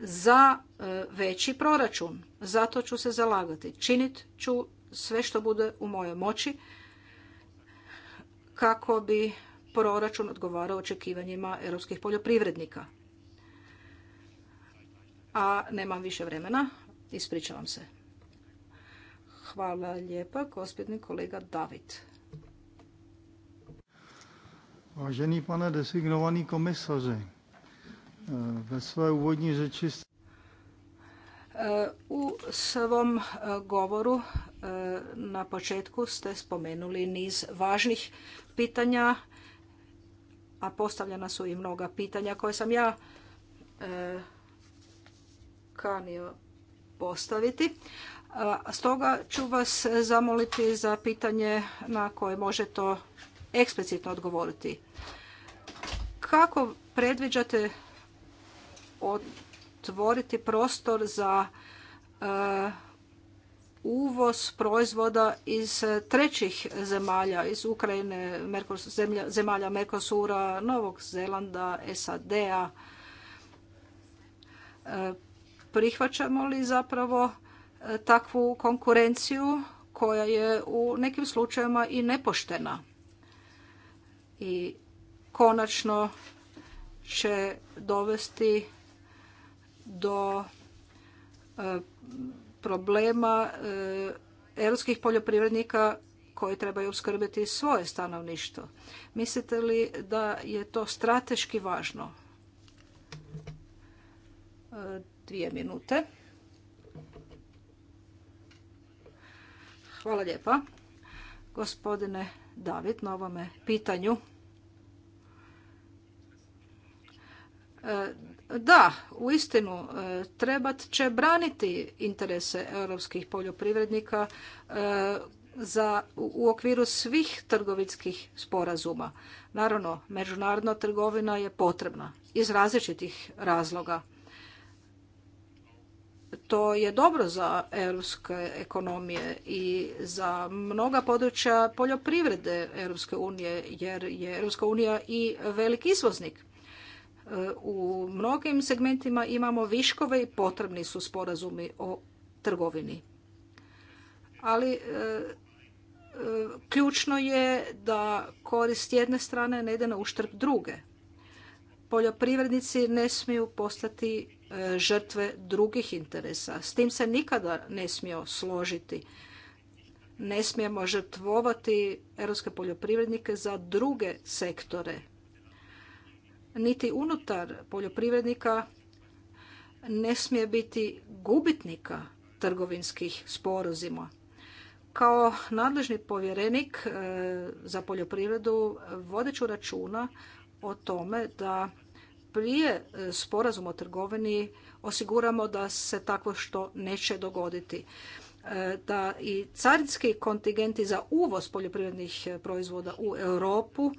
za e, veći proračun. Zato ću se zalagati. Činit ću sve što bude u mojoj moći kako bi proračun odgovarao očekivanjima europskih poljoprivrednika. A nemam više vremena, ispričavam se. Hvala lijepa, gospodin kolega David. Važeni pane designovani komisaři, eh, ve své úvodní řeči u svom e, govoru e, na početku ste spomenuli niz važnih pitanja, a postavljena su i mnoga pitanja koje sam ja e, kanio postaviti. Stoga ću vas zamoliti za pitanje na koje može to eksplicitno odgovoriti. Kako predviđate od otvoriti prostor za e, uvoz proizvoda iz trećih zemalja, iz Ukrajine, zemalja Mercosura, Novog Zelanda, SAD-a. E, prihvaćamo li zapravo e, takvu konkurenciju koja je u nekim slučajevima i nepoštena? I konačno će dovesti do e, problema e, europskih poljoprivrednika koji trebaju opskrbiti svoje stanovništvo. Mislite li da je to strateški važno? E, dvije minute. Hvala lijepa. Gospodine David, na ovome pitanju. Da, u istinu e, trebat će braniti interese europskih poljoprivrednika e, za, u okviru svih trgovinskih sporazuma. Naravno, međunarodna trgovina je potrebna iz različitih razloga. To je dobro za europske ekonomije i za mnoga područja poljoprivrede Europske unije, jer je Europska unija i velik izvoznik. U mnogim segmentima imamo viškove i potrebni su sporazumi o trgovini. Ali e, e, ključno je da korist jedne strane ne ide na uštrb druge. Poljoprivrednici ne smiju postati e, žrtve drugih interesa. S tim se nikada ne smije složiti. Ne smijemo žrtvovati europske poljoprivrednike za druge sektore niti unutar poljoprivrednika ne smije biti gubitnika trgovinskih sporozima. Kao nadležni povjerenik e, za poljoprivredu vodeću računa o tome da prije e, sporazum o trgovini osiguramo da se tako što neće dogoditi. E, da i carinski kontingenti za uvoz poljoprivrednih proizvoda u Europu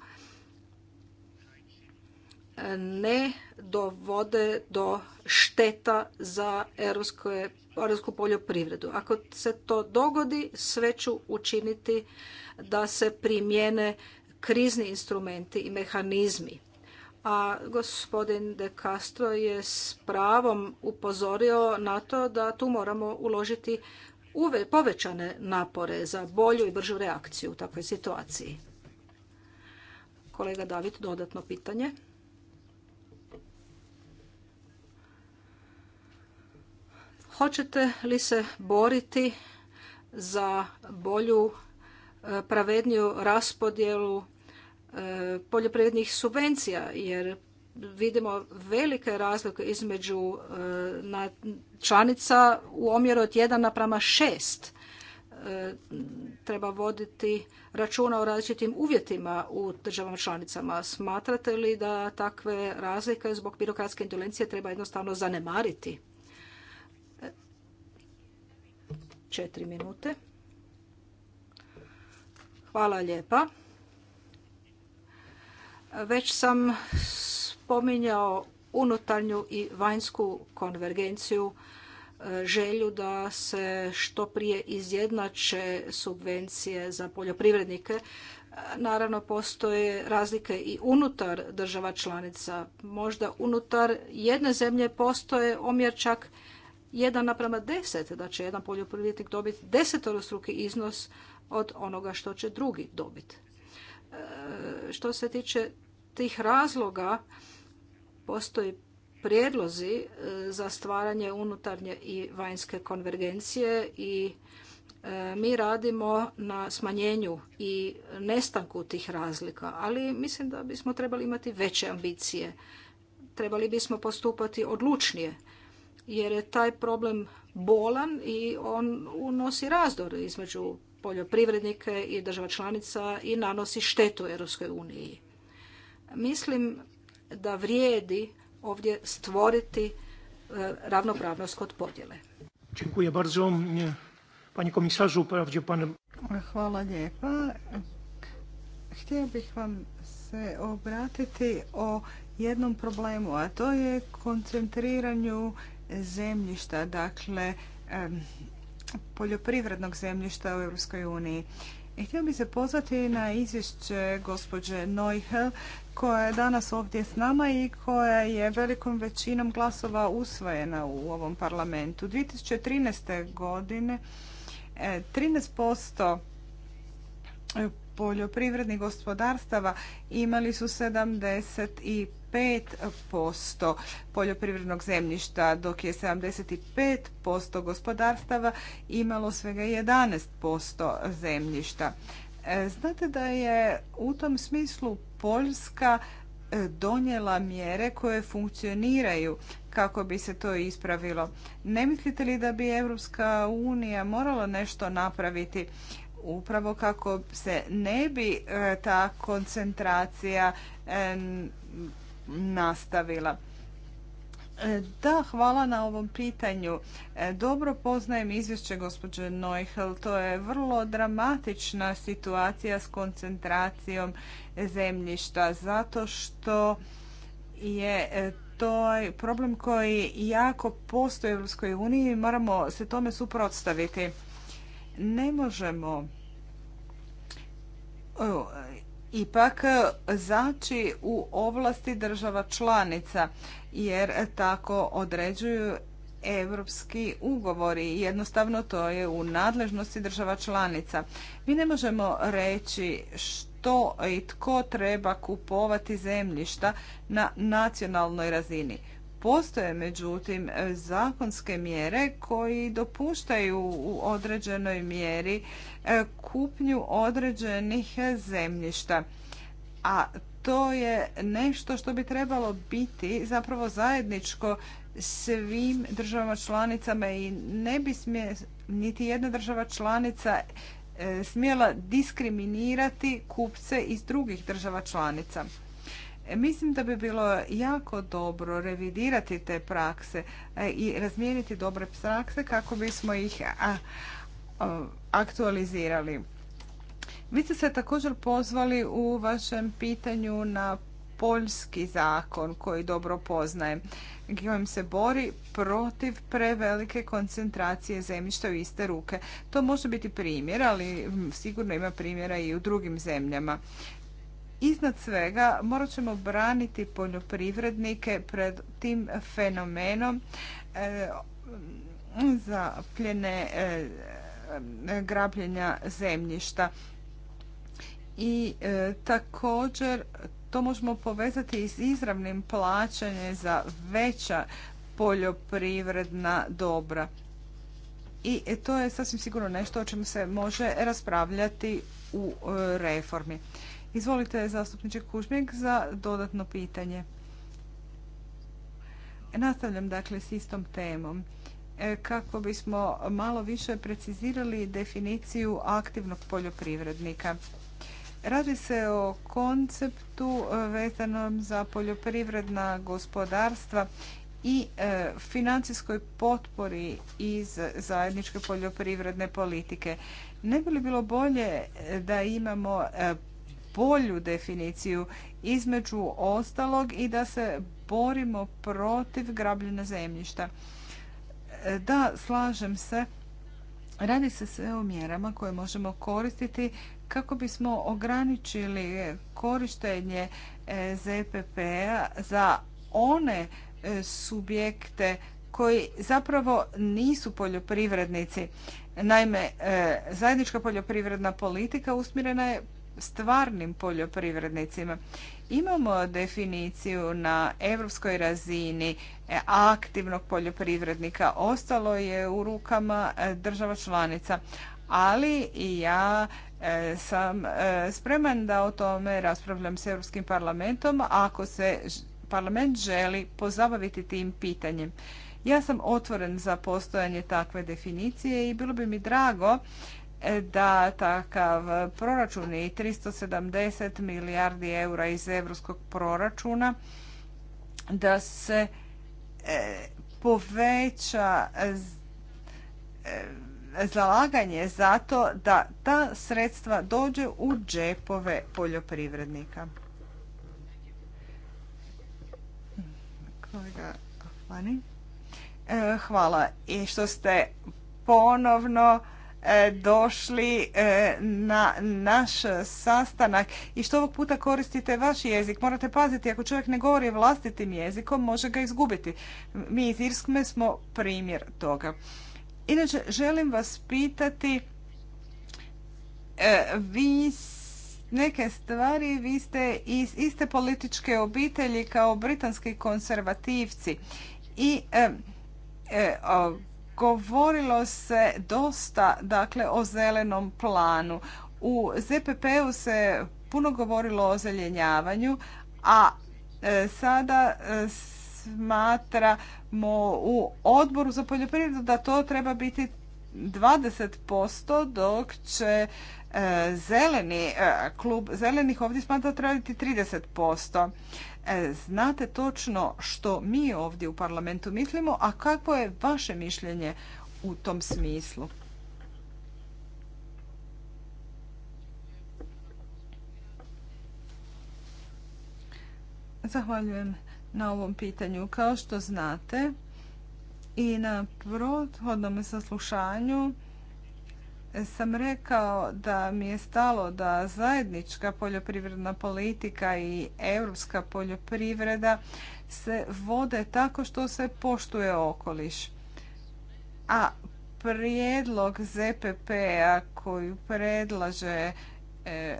ne dovode do šteta za europsku poljoprivredu. Ako se to dogodi, sve ću učiniti da se primijene krizni instrumenti i mehanizmi. A gospodin De Castro je s pravom upozorio na to da tu moramo uložiti povećane napore za bolju i bržu reakciju u takvoj situaciji. Kolega David, dodatno pitanje. Hoćete li se boriti za bolju, e, pravedniju raspodjelu e, poljoprivrednih subvencija, jer vidimo velike razlike između e, članica u omjeru od 1 naprama 6 treba voditi računa o različitim uvjetima u državama članicama. Smatrate li da takve razlike zbog birokratske indolencije treba jednostavno zanemariti? četiri minute. Hvala lijepa. Već sam spominjao unutarnju i vanjsku konvergenciju e, želju da se što prije izjednače subvencije za poljoprivrednike. E, naravno, postoje razlike i unutar država članica. Možda unutar jedne zemlje postoje omjer čak 1 naprama 10, da će jedan poljoprivrednik dobiti desetorostruki iznos od onoga što će drugi dobiti. E, što se tiče tih razloga, postoji prijedlozi e, za stvaranje unutarnje i vanjske konvergencije i e, mi radimo na smanjenju i nestanku tih razlika, ali mislim da bismo trebali imati veće ambicije. Trebali bismo postupati odlučnije jer je taj problem bolan i on unosi razdor između poljoprivrednika i država članica i nanosi štetu Europskoj uniji. Mislim da vrijedi ovdje stvoriti e, ravnopravnost kod podjele. Dziękuję bardzo. pan... Hvala lijepa. Htio bih vam se obratiti o jednom problemu, a to je koncentriranju zemljišta, dakle poljoprivrednog zemljišta u Europskoj uniji. htio bih se pozvati na izvješće gospođe Neuhel koja je danas ovdje s nama i koja je velikom većinom glasova usvojena u ovom parlamentu. 2013. godine 13% e, poljoprivrednih gospodarstava imali su 75% poljoprivrednog zemljišta, dok je 75% gospodarstava imalo svega 11% zemljišta. E, znate da je u tom smislu Poljska e, donijela mjere koje funkcioniraju kako bi se to ispravilo. Ne mislite li da bi Europska unija morala nešto napraviti upravo kako se ne bi e, ta koncentracija e, nastavila. E, da, hvala na ovom pitanju. Dobro poznajem izvješće gospođe Neuhel. To je vrlo dramatična situacija s koncentracijom zemljišta zato što je to problem koji jako postoji u EU i moramo se tome suprotstaviti ne možemo ipak zaći u ovlasti država članica jer tako određuju europski ugovori. Jednostavno to je u nadležnosti država članica. Mi ne možemo reći što i tko treba kupovati zemljišta na nacionalnoj razini. Postoje međutim e, zakonske mjere koji dopuštaju u određenoj mjeri e, kupnju određenih zemljišta. A to je nešto što bi trebalo biti zapravo zajedničko svim državama članicama i ne bi smije niti jedna država članica e, smjela diskriminirati kupce iz drugih država članica. E, mislim da bi bilo jako dobro revidirati te prakse e, i razmijeniti dobre prakse kako bismo ih aktualizirali. Vi ste se također pozvali u vašem pitanju na poljski zakon koji dobro poznajem, kojim se bori protiv prevelike koncentracije zemljišta u iste ruke. To može biti primjer, ali sigurno ima primjera i u drugim zemljama. Iznad svega morat ćemo braniti poljoprivrednike pred tim fenomenom e, zapljene e, grabljenja zemljišta. I e, također to možemo povezati i s izravnim plaćanjem za veća poljoprivredna dobra. I to je sasvim sigurno nešto o čemu se može raspravljati u reformi. Izvolite, zastupniče Kužmijek, za dodatno pitanje. Nastavljam dakle s istom temom. E, kako bismo malo više precizirali definiciju aktivnog poljoprivrednika. Radi se o konceptu e, vezanom za poljoprivredna gospodarstva i e, financijskoj potpori iz zajedničke poljoprivredne politike. Ne bi li bilo bolje da imamo bolju definiciju između ostalog i da se borimo protiv grabljena zemljišta. E, da, slažem se. Radi se sve o mjerama koje možemo koristiti kako bismo ograničili korištenje e, ZPP-a za one e, subjekte koji zapravo nisu poljoprivrednici. Naime, zajednička poljoprivredna politika usmjerena je stvarnim poljoprivrednicima. Imamo definiciju na europskoj razini e, aktivnog poljoprivrednika. Ostalo je u rukama e, država članica. Ali ja e, sam spreman da o tome raspravljam s Europskim parlamentom ako se parlament želi pozabaviti tim pitanjem. Ja sam otvoren za postojanje takve definicije i bilo bi mi drago da takav proračun i 370 milijardi eura iz europskog proračuna da se e, poveća e, zalaganje za to da ta sredstva dođe u džepove poljoprivrednika. E, hvala i što ste ponovno E, došli e, na naš sastanak i što ovog puta koristite vaš jezik. Morate paziti, ako čovjek ne govori vlastitim jezikom, može ga izgubiti. Mi iz Irskme smo primjer toga. Inače, želim vas pitati, e, vi neke stvari, vi ste iz iste političke obitelji kao britanski konservativci i Govorilo se dosta dakle o zelenom planu. U ZPP-u se puno govorilo o zeljenjavanju, a e, sada e, smatramo u odboru za poljoprivredu da to treba biti 20% dok će e, zeleni e, klub zelenih ovdje smatra trebati 30%. E, znate točno što mi ovdje u parlamentu mislimo, a kako je vaše mišljenje u tom smislu? Zahvaljujem na ovom pitanju. Kao što znate, i na prethodnom saslušanju sam rekao da mi je stalo da zajednička poljoprivredna politika i europska poljoprivreda se vode tako što se poštuje okoliš. A prijedlog ZPP-a koju predlaže e,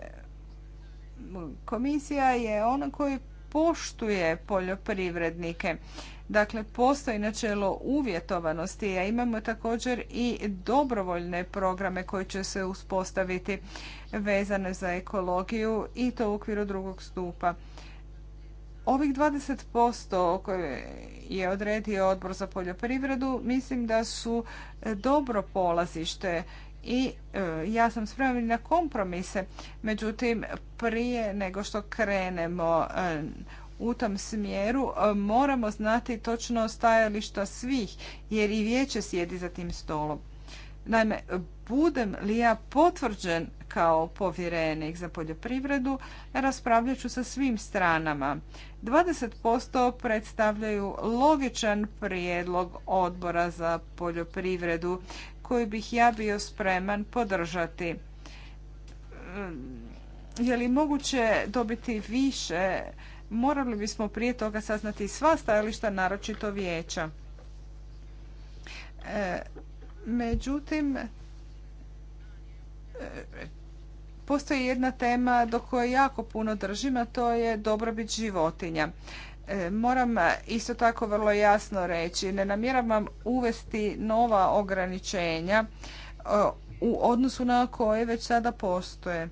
komisija je ona koji poštuje poljoprivrednike. Dakle, postoji načelo uvjetovanosti, a imamo također i dobrovoljne programe koji će se uspostaviti vezane za ekologiju i to u okviru drugog stupa. Ovih 20% koje je odredio odbor za poljoprivredu mislim da su dobro polazište i e, ja sam spreman na kompromise. Međutim, prije nego što krenemo e, u tom smjeru e, moramo znati točno stajališta svih jer i vijeće sjedi za tim stolom. Naime, budem li ja potvrđen kao povjerenik za poljoprivredu, raspravljat ću sa svim stranama. 20% predstavljaju logičan prijedlog odbora za poljoprivredu koju bih ja bio spreman podržati. E, je li moguće dobiti više? Morali bismo prije toga saznati sva stajališta, naročito vijeća. E, međutim, e, postoji jedna tema do koje jako puno držim, a to je dobrobit životinja. E, moram e, isto tako vrlo jasno reći, ne namjeravam uvesti nova ograničenja e, u odnosu na koje već sada postoje.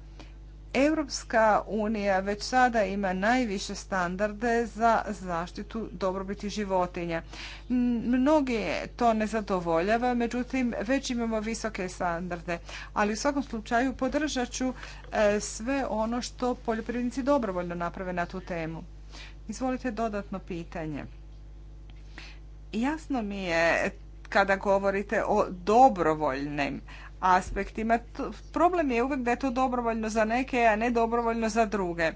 Europska unija već sada ima najviše standarde za zaštitu dobrobiti životinja. Mnogi to ne zadovoljava, međutim već imamo visoke standarde. Ali u svakom slučaju podržat ću sve ono što poljoprivrednici dobrovoljno naprave na tu temu. Izvolite dodatno pitanje. Jasno mi je kada govorite o dobrovoljnim aspektima. Problem je uvijek da je to dobrovoljno za neke, a ne dobrovoljno za druge.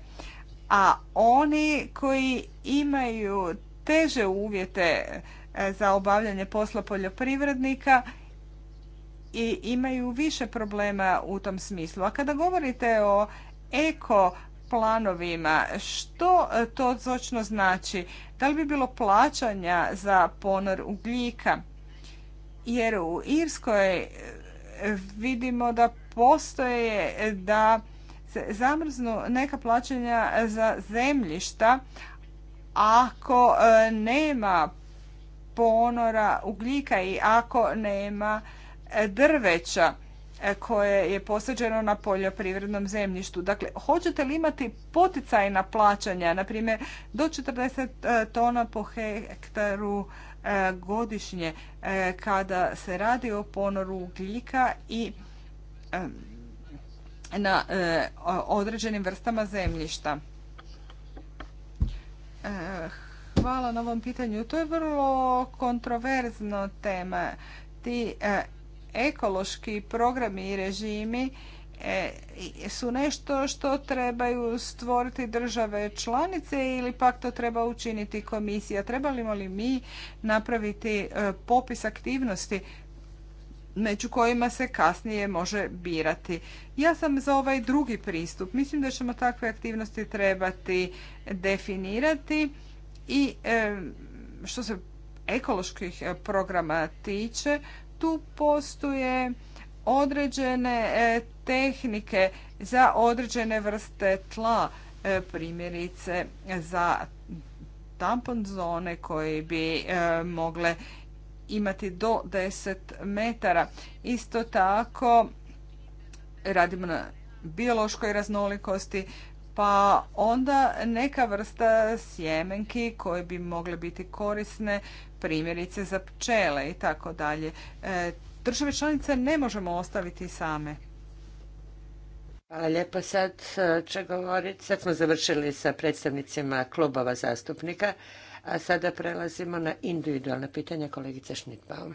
A oni koji imaju teže uvjete e, za obavljanje posla poljoprivrednika i imaju više problema u tom smislu. A kada govorite o eko planovima. Što e, to točno znači? Da li bi bilo plaćanja za ponor ugljika? Jer u Irskoj e, vidimo da postoje e, da se zamrznu neka plaćanja za zemljišta ako nema ponora ugljika i ako nema drveća. E, koje je posađeno na poljoprivrednom zemljištu. Dakle, hoćete li imati poticajna plaćanja, na primjer do 40 e, tona po hektaru e, godišnje kada se radi o ponoru ugljika i na određenim vrstama zemljišta. Hvala na ovom pitanju. To je vrlo kontroverzno tema. Ti ekološki programi i režimi e, su nešto što trebaju stvoriti države članice ili pak to treba učiniti komisija. Trebalimo li mi napraviti e, popis aktivnosti među kojima se kasnije može birati. Ja sam za ovaj drugi pristup. Mislim da ćemo takve aktivnosti trebati definirati i e, što se ekoloških programa tiče, tu postoje određene e, tehnike za određene vrste tla, e, primjerice za tampon zone koje bi e, mogle imati do 10 metara. Isto tako radimo na biološkoj raznolikosti, pa onda neka vrsta sjemenki koje bi mogle biti korisne, primjerice za pčele i tako dalje. E, države članice ne možemo ostaviti same. Hvala lijepo. Sad e, će govoriti, sad smo završili sa predstavnicima klubova zastupnika, a sada prelazimo na individualna pitanja kolegice Šnitbaum.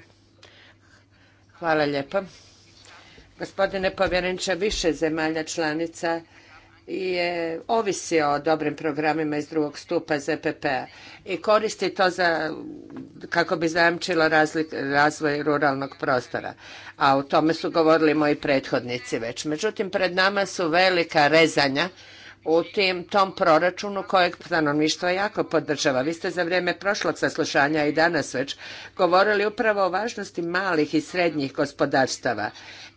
Hvala lijepo. Gospodine Povjerenče više zemalja članica je ovisio o dobrim programima iz drugog stupa ZPP-a i koristi to za, kako bi zajamčilo razlik, razvoj ruralnog prostora. A o tome su govorili moji prethodnici već. Međutim, pred nama su velika rezanja u tim, tom proračunu kojeg stanovništvo jako podržava. Vi ste za vrijeme prošlog saslušanja i danas već govorili upravo o važnosti malih i srednjih gospodarstava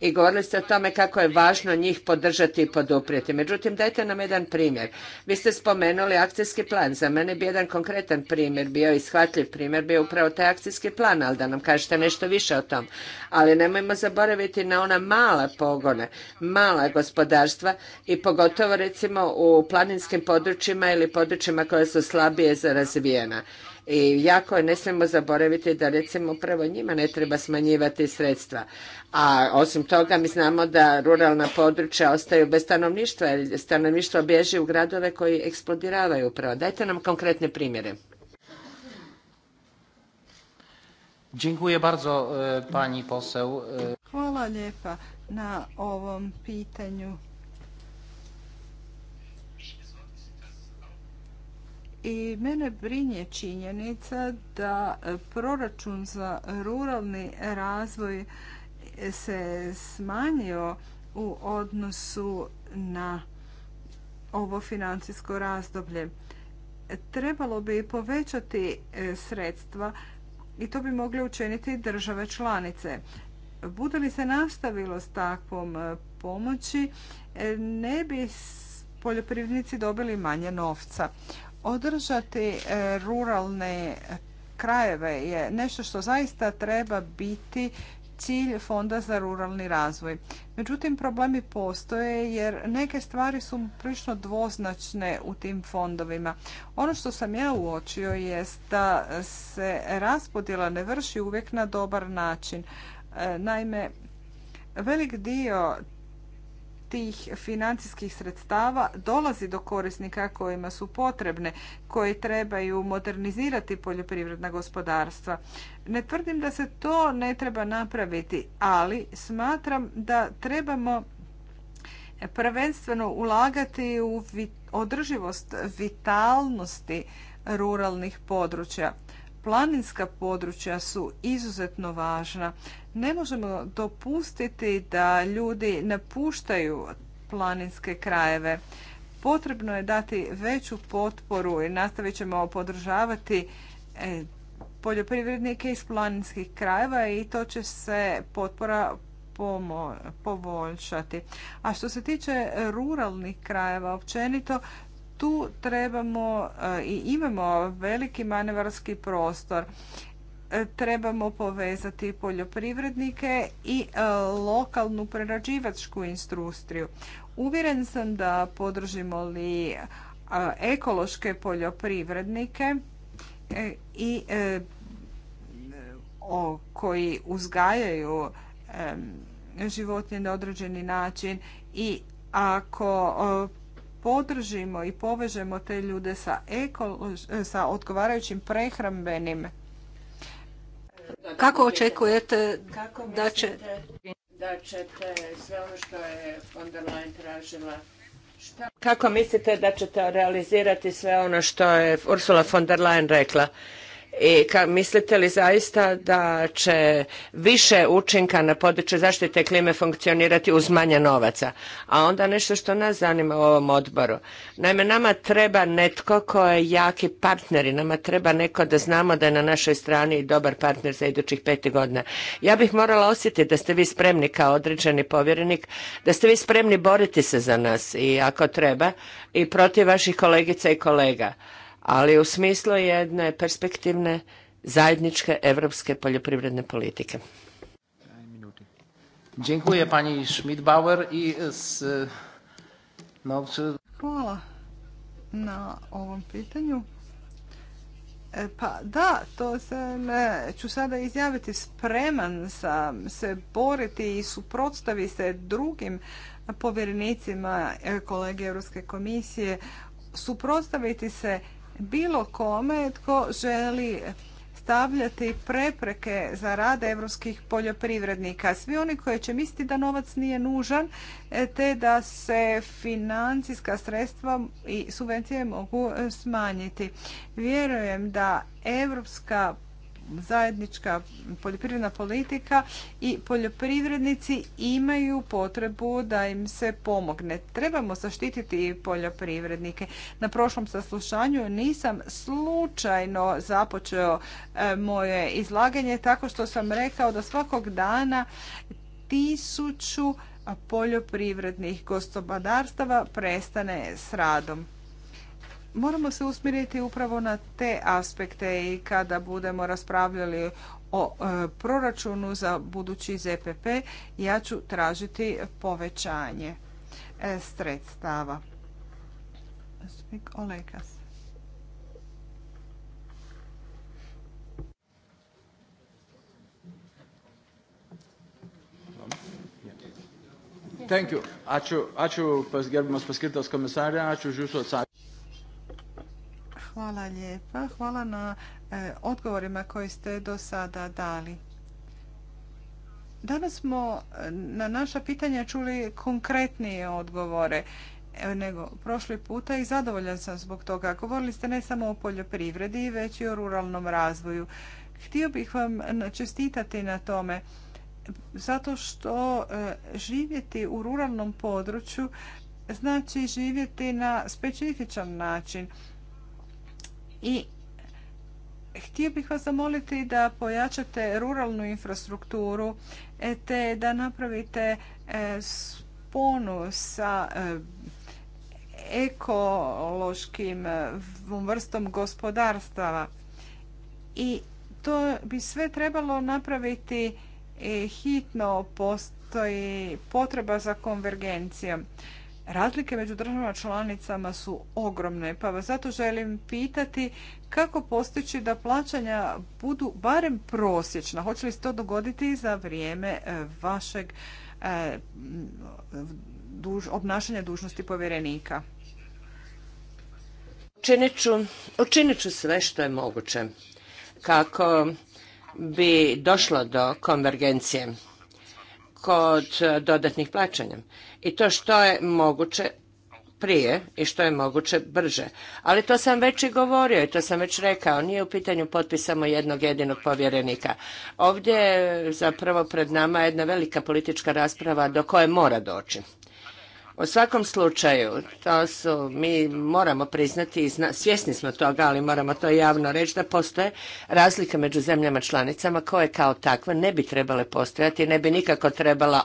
i govorili ste o tome kako je važno njih podržati i poduprijeti. Međutim, dajte nam jedan primjer. Vi ste spomenuli akcijski plan. Za mene bi jedan konkretan primjer bio i shvatljiv primjer bio upravo taj akcijski plan, ali da nam kažete nešto više o tom. Ali nemojmo zaboraviti na ona mala pogone, mala gospodarstva i pogotovo recimo u planinskim područjima ili područjima koja su slabije razvijena. I jako ne smijemo zaboraviti da recimo upravo njima ne treba smanjivati sredstva. A osim toga mi znamo da ruralna područja ostaju bez stanovništva jer stanovništvo bježi u gradove koji eksplodiraju. upravo. Dajte nam konkretne primjere. E, pani e, Hvala lijepa na ovom pitanju. i mene brinje činjenica da e, proračun za ruralni razvoj se smanjio u odnosu na ovo financijsko razdoblje. Trebalo bi povećati e, sredstva i to bi mogle učiniti države članice. Bude li se nastavilo s takvom e, pomoći, ne bi poljoprivrednici dobili manje novca. Održati e, ruralne krajeve je nešto što zaista treba biti cilj Fonda za ruralni razvoj. Međutim, problemi postoje jer neke stvari su prilično dvoznačne u tim fondovima. Ono što sam ja uočio je da se raspodjela ne vrši uvijek na dobar način. E, naime, velik dio tih financijskih sredstava dolazi do korisnika kojima su potrebne, koji trebaju modernizirati poljoprivredna gospodarstva. Ne tvrdim da se to ne treba napraviti, ali smatram da trebamo prvenstveno ulagati u održivost vitalnosti ruralnih područja planinska područja su izuzetno važna. Ne možemo dopustiti da ljudi napuštaju planinske krajeve. Potrebno je dati veću potporu i nastavit ćemo podržavati e, poljoprivrednike iz planinskih krajeva i to će se potpora poboljšati. A što se tiče ruralnih krajeva općenito, tu trebamo eh, i imamo veliki manevarski prostor. Eh, trebamo povezati poljoprivrednike i eh, lokalnu prerađivačku industriju. Uvjeren sam da podržimo li ekološke poljoprivrednike i koji uzgajaju životinje na određeni način i ako podržimo i povežemo te ljude sa, ekolož, sa odgovarajućim prehrambenim. Kako očekujete Kako da će... Da ćete sve ono što je von der Leyen tražila Kako mislite da ćete realizirati sve ono što je Ursula von der Leyen rekla? I mislite li zaista da će više učinka na području zaštite klime funkcionirati uz manje novaca? A onda nešto što nas zanima u ovom odboru. Naime, nama treba netko ko je jaki partner i nama treba neko da znamo da je na našoj strani dobar partner za idućih pet godina. Ja bih morala osjetiti da ste vi spremni kao određeni povjerenik, da ste vi spremni boriti se za nas i ako treba i protiv vaših kolegica i kolega ali u smislu jedne perspektivne zajedničke europske poljoprivredne politike. Dziękuję pani i s Hvala na ovom pitanju. E, pa da, to se ne, ću sada izjaviti spreman sam se boriti i suprotstaviti se drugim povjerenicima e, kolege Europske komisije, suprotstaviti se bilo kome tko želi stavljati prepreke za rad europskih poljoprivrednika. Svi oni koji će misliti da novac nije nužan, e, te da se financijska sredstva i subvencije mogu e, smanjiti. Vjerujem da europska zajednička poljoprivredna politika i poljoprivrednici imaju potrebu da im se pomogne. Trebamo zaštititi poljoprivrednike. Na prošlom saslušanju nisam slučajno započeo e, moje izlaganje tako što sam rekao da svakog dana tisuću poljoprivrednih gospodarstava prestane s radom moramo se usmjeriti upravo na te aspekte i kada budemo raspravljali o e, proračunu za budući ZPP, ja ću tražiti povećanje e, sredstava. Olekas. Thank you. Ačiū, ačiū pas Hvala lijepa. Hvala na e, odgovorima koje ste do sada dali. Danas smo e, na naša pitanja čuli konkretnije odgovore e, nego prošli puta i zadovoljan sam zbog toga. Govorili ste ne samo o poljoprivredi, već i o ruralnom razvoju. Htio bih vam čestitati na tome zato što živjeti u ruralnom području znači živjeti na specifičan način i htio bih vas zamoliti da pojačate ruralnu infrastrukturu e, te da napravite e, sponu sa e, ekološkim vrstom gospodarstava. I to bi sve trebalo napraviti hitno, postoji potreba za konvergencijom. Razlike među državama članicama su ogromne, pa vas zato želim pitati kako postići da plaćanja budu barem prosječna. Hoće li se to dogoditi za vrijeme e, vašeg e, obnašanja dužnosti povjerenika? učinit ću sve što je moguće kako bi došlo do konvergencije kod e, dodatnih plaćanja. I to što je moguće prije i što je moguće brže. Ali to sam već i govorio i to sam već rekao. Nije u pitanju potpisamo jednog jedinog povjerenika. Ovdje je zapravo pred nama jedna velika politička rasprava do koje mora doći. U svakom slučaju, to su, mi moramo priznati, svjesni smo toga, ali moramo to javno reći da postoje razlike među zemljama članicama koje kao takve ne bi trebale postojati, ne bi nikako trebala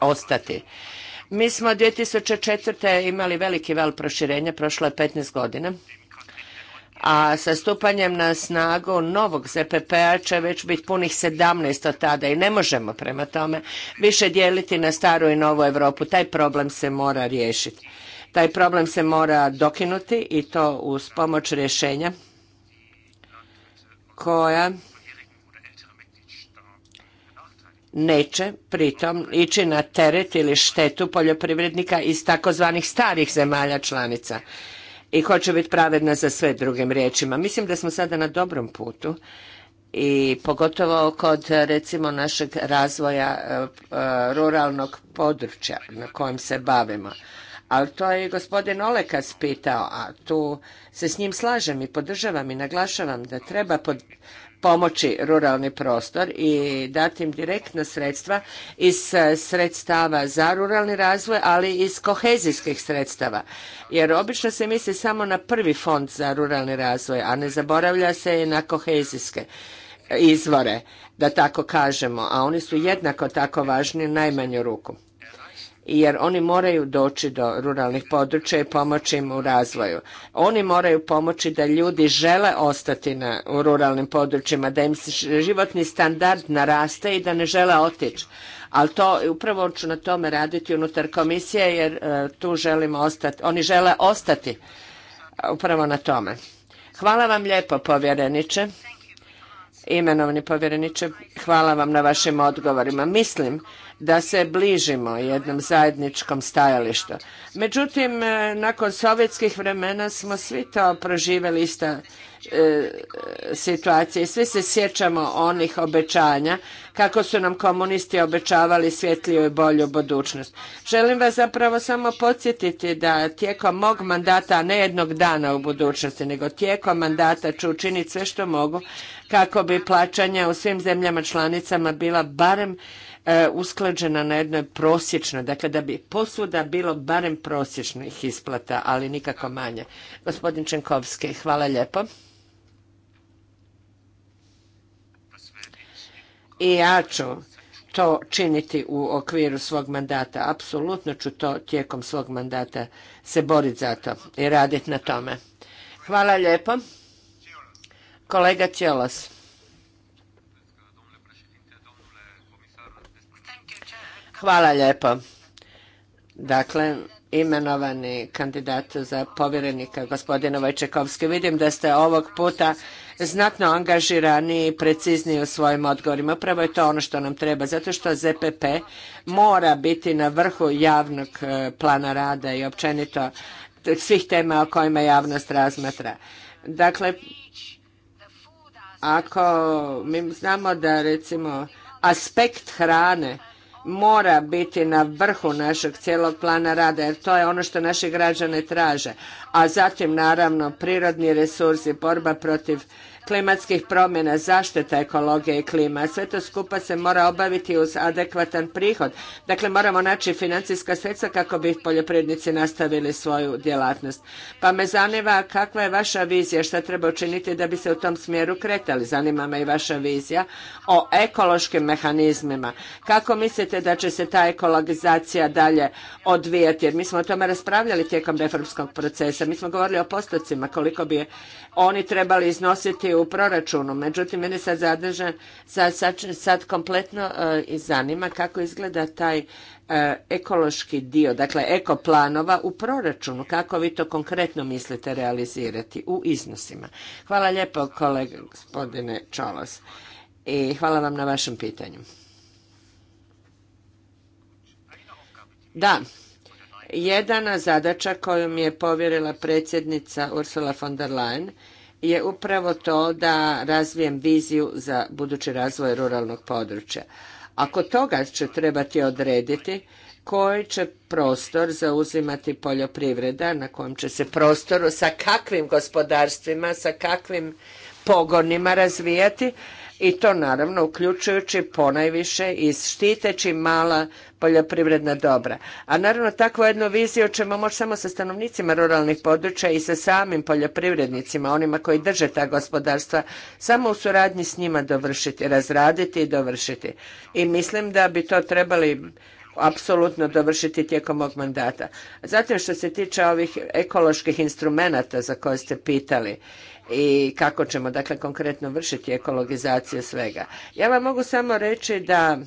ostati. Mi smo 2004. imali veliki val proširenja, prošlo je 15 godina a sa stupanjem na snagu novog ZPP-a će već biti punih 17 od tada i ne možemo prema tome više dijeliti na staru i novu Europu. Taj problem se mora riješiti. Taj problem se mora dokinuti i to uz pomoć rješenja koja neće pritom ići na teret ili štetu poljoprivrednika iz takozvanih starih zemalja članica i hoće biti pravedna za sve drugim riječima. Mislim da smo sada na dobrom putu i pogotovo kod recimo našeg razvoja e, e, ruralnog područja na kojem se bavimo. Ali to je i gospodin Olekas pitao, a tu se s njim slažem i podržavam i naglašavam da treba pod pomoći ruralni prostor i dati im direktna sredstva iz e, sredstava za ruralni razvoj, ali i iz kohezijskih sredstava. Jer obično se misli samo na prvi fond za ruralni razvoj, a ne zaboravlja se i na kohezijske izvore, da tako kažemo, a oni su jednako tako važni u najmanju ruku jer oni moraju doći do ruralnih područja i pomoći im u razvoju. Oni moraju pomoći da ljudi žele ostati na, u ruralnim područjima, da im životni standard naraste i da ne žele otići. Ali to upravo ću na tome raditi unutar komisije jer e, tu želimo ostati, oni žele ostati upravo na tome. Hvala vam lijepo povjereniče imenovani povjereniče, hvala vam na vašim odgovorima. Mislim da se bližimo jednom zajedničkom stajalištu. Međutim, e, nakon sovjetskih vremena smo svi to proživjeli ista e, situacije. svi se sjećamo onih obećanja kako su nam komunisti obećavali svjetliju i bolju budućnost. Želim vas zapravo samo podsjetiti da tijekom mog mandata, ne jednog dana u budućnosti, nego tijekom mandata ću učiniti sve što mogu kako bi plaćanja u svim zemljama članicama bila barem e, usklađena na jednoj prosječnoj, dakle da bi posvuda bilo barem prosječnih isplata, ali nikako manje. Gospodin Čenkovski, hvala lijepo. I ja ću to činiti u okviru svog mandata. Apsolutno ću to tijekom svog mandata se boriti za to i raditi na tome. Hvala lijepo. Kolega Ćelos. Hvala lijepo. Dakle, imenovani kandidat za povjerenika gospodina Vojčekovski. Vidim da ste ovog puta znatno angažirani i precizniji u svojim odgovorima. Prvo je to ono što nam treba, zato što ZPP mora biti na vrhu javnog e, plana rada i općenito svih tema o kojima javnost razmatra. Dakle, ako mi znamo da recimo aspekt hrane mora biti na vrhu našeg cijelog plana rada, jer to je ono što naši građane traže. A zatim, naravno, prirodni resursi, borba protiv klimatskih promjena, zaštita ekologije i klima. Sve to skupa se mora obaviti uz adekvatan prihod. Dakle, moramo naći financijska sredstva kako bi poljoprivrednici nastavili svoju djelatnost. Pa me zanima kakva je vaša vizija, šta treba učiniti da bi se u tom smjeru kretali. Zanima me i vaša vizija o ekološkim mehanizmima. Kako mislite da će se ta ekologizacija dalje odvijati? Jer mi smo o tome raspravljali tijekom reformskog procesa. Mi smo govorili o postocima koliko bi oni trebali iznositi u u proračunu. Međutim, mene sad zadržan, sad, sad, kompletno e, i zanima kako izgleda taj e, ekološki dio, dakle ekoplanova u proračunu. Kako vi to konkretno mislite realizirati u iznosima? Hvala lijepo kolega gospodine Čolos i hvala vam na vašem pitanju. Da, jedana zadaća koju mi je povjerila predsjednica Ursula von der Leyen je upravo to da razvijem viziju za budući razvoj ruralnog područja. Ako toga će trebati odrediti koji će prostor zauzimati poljoprivreda, na kojem će se prostoru, sa kakvim gospodarstvima, sa kakvim pogonima razvijati, i to naravno uključujući ponajviše i štiteći mala poljoprivredna dobra. A naravno takvu jednu viziju ćemo moći samo sa stanovnicima ruralnih područja i sa samim poljoprivrednicima, onima koji drže ta gospodarstva, samo u suradnji s njima dovršiti, razraditi i dovršiti. I mislim da bi to trebali apsolutno dovršiti tijekom mog mandata. Zatim što se tiče ovih ekoloških instrumenata za koje ste pitali, i kako ćemo dakle konkretno vršiti ekologizaciju svega. Ja vam mogu samo reći da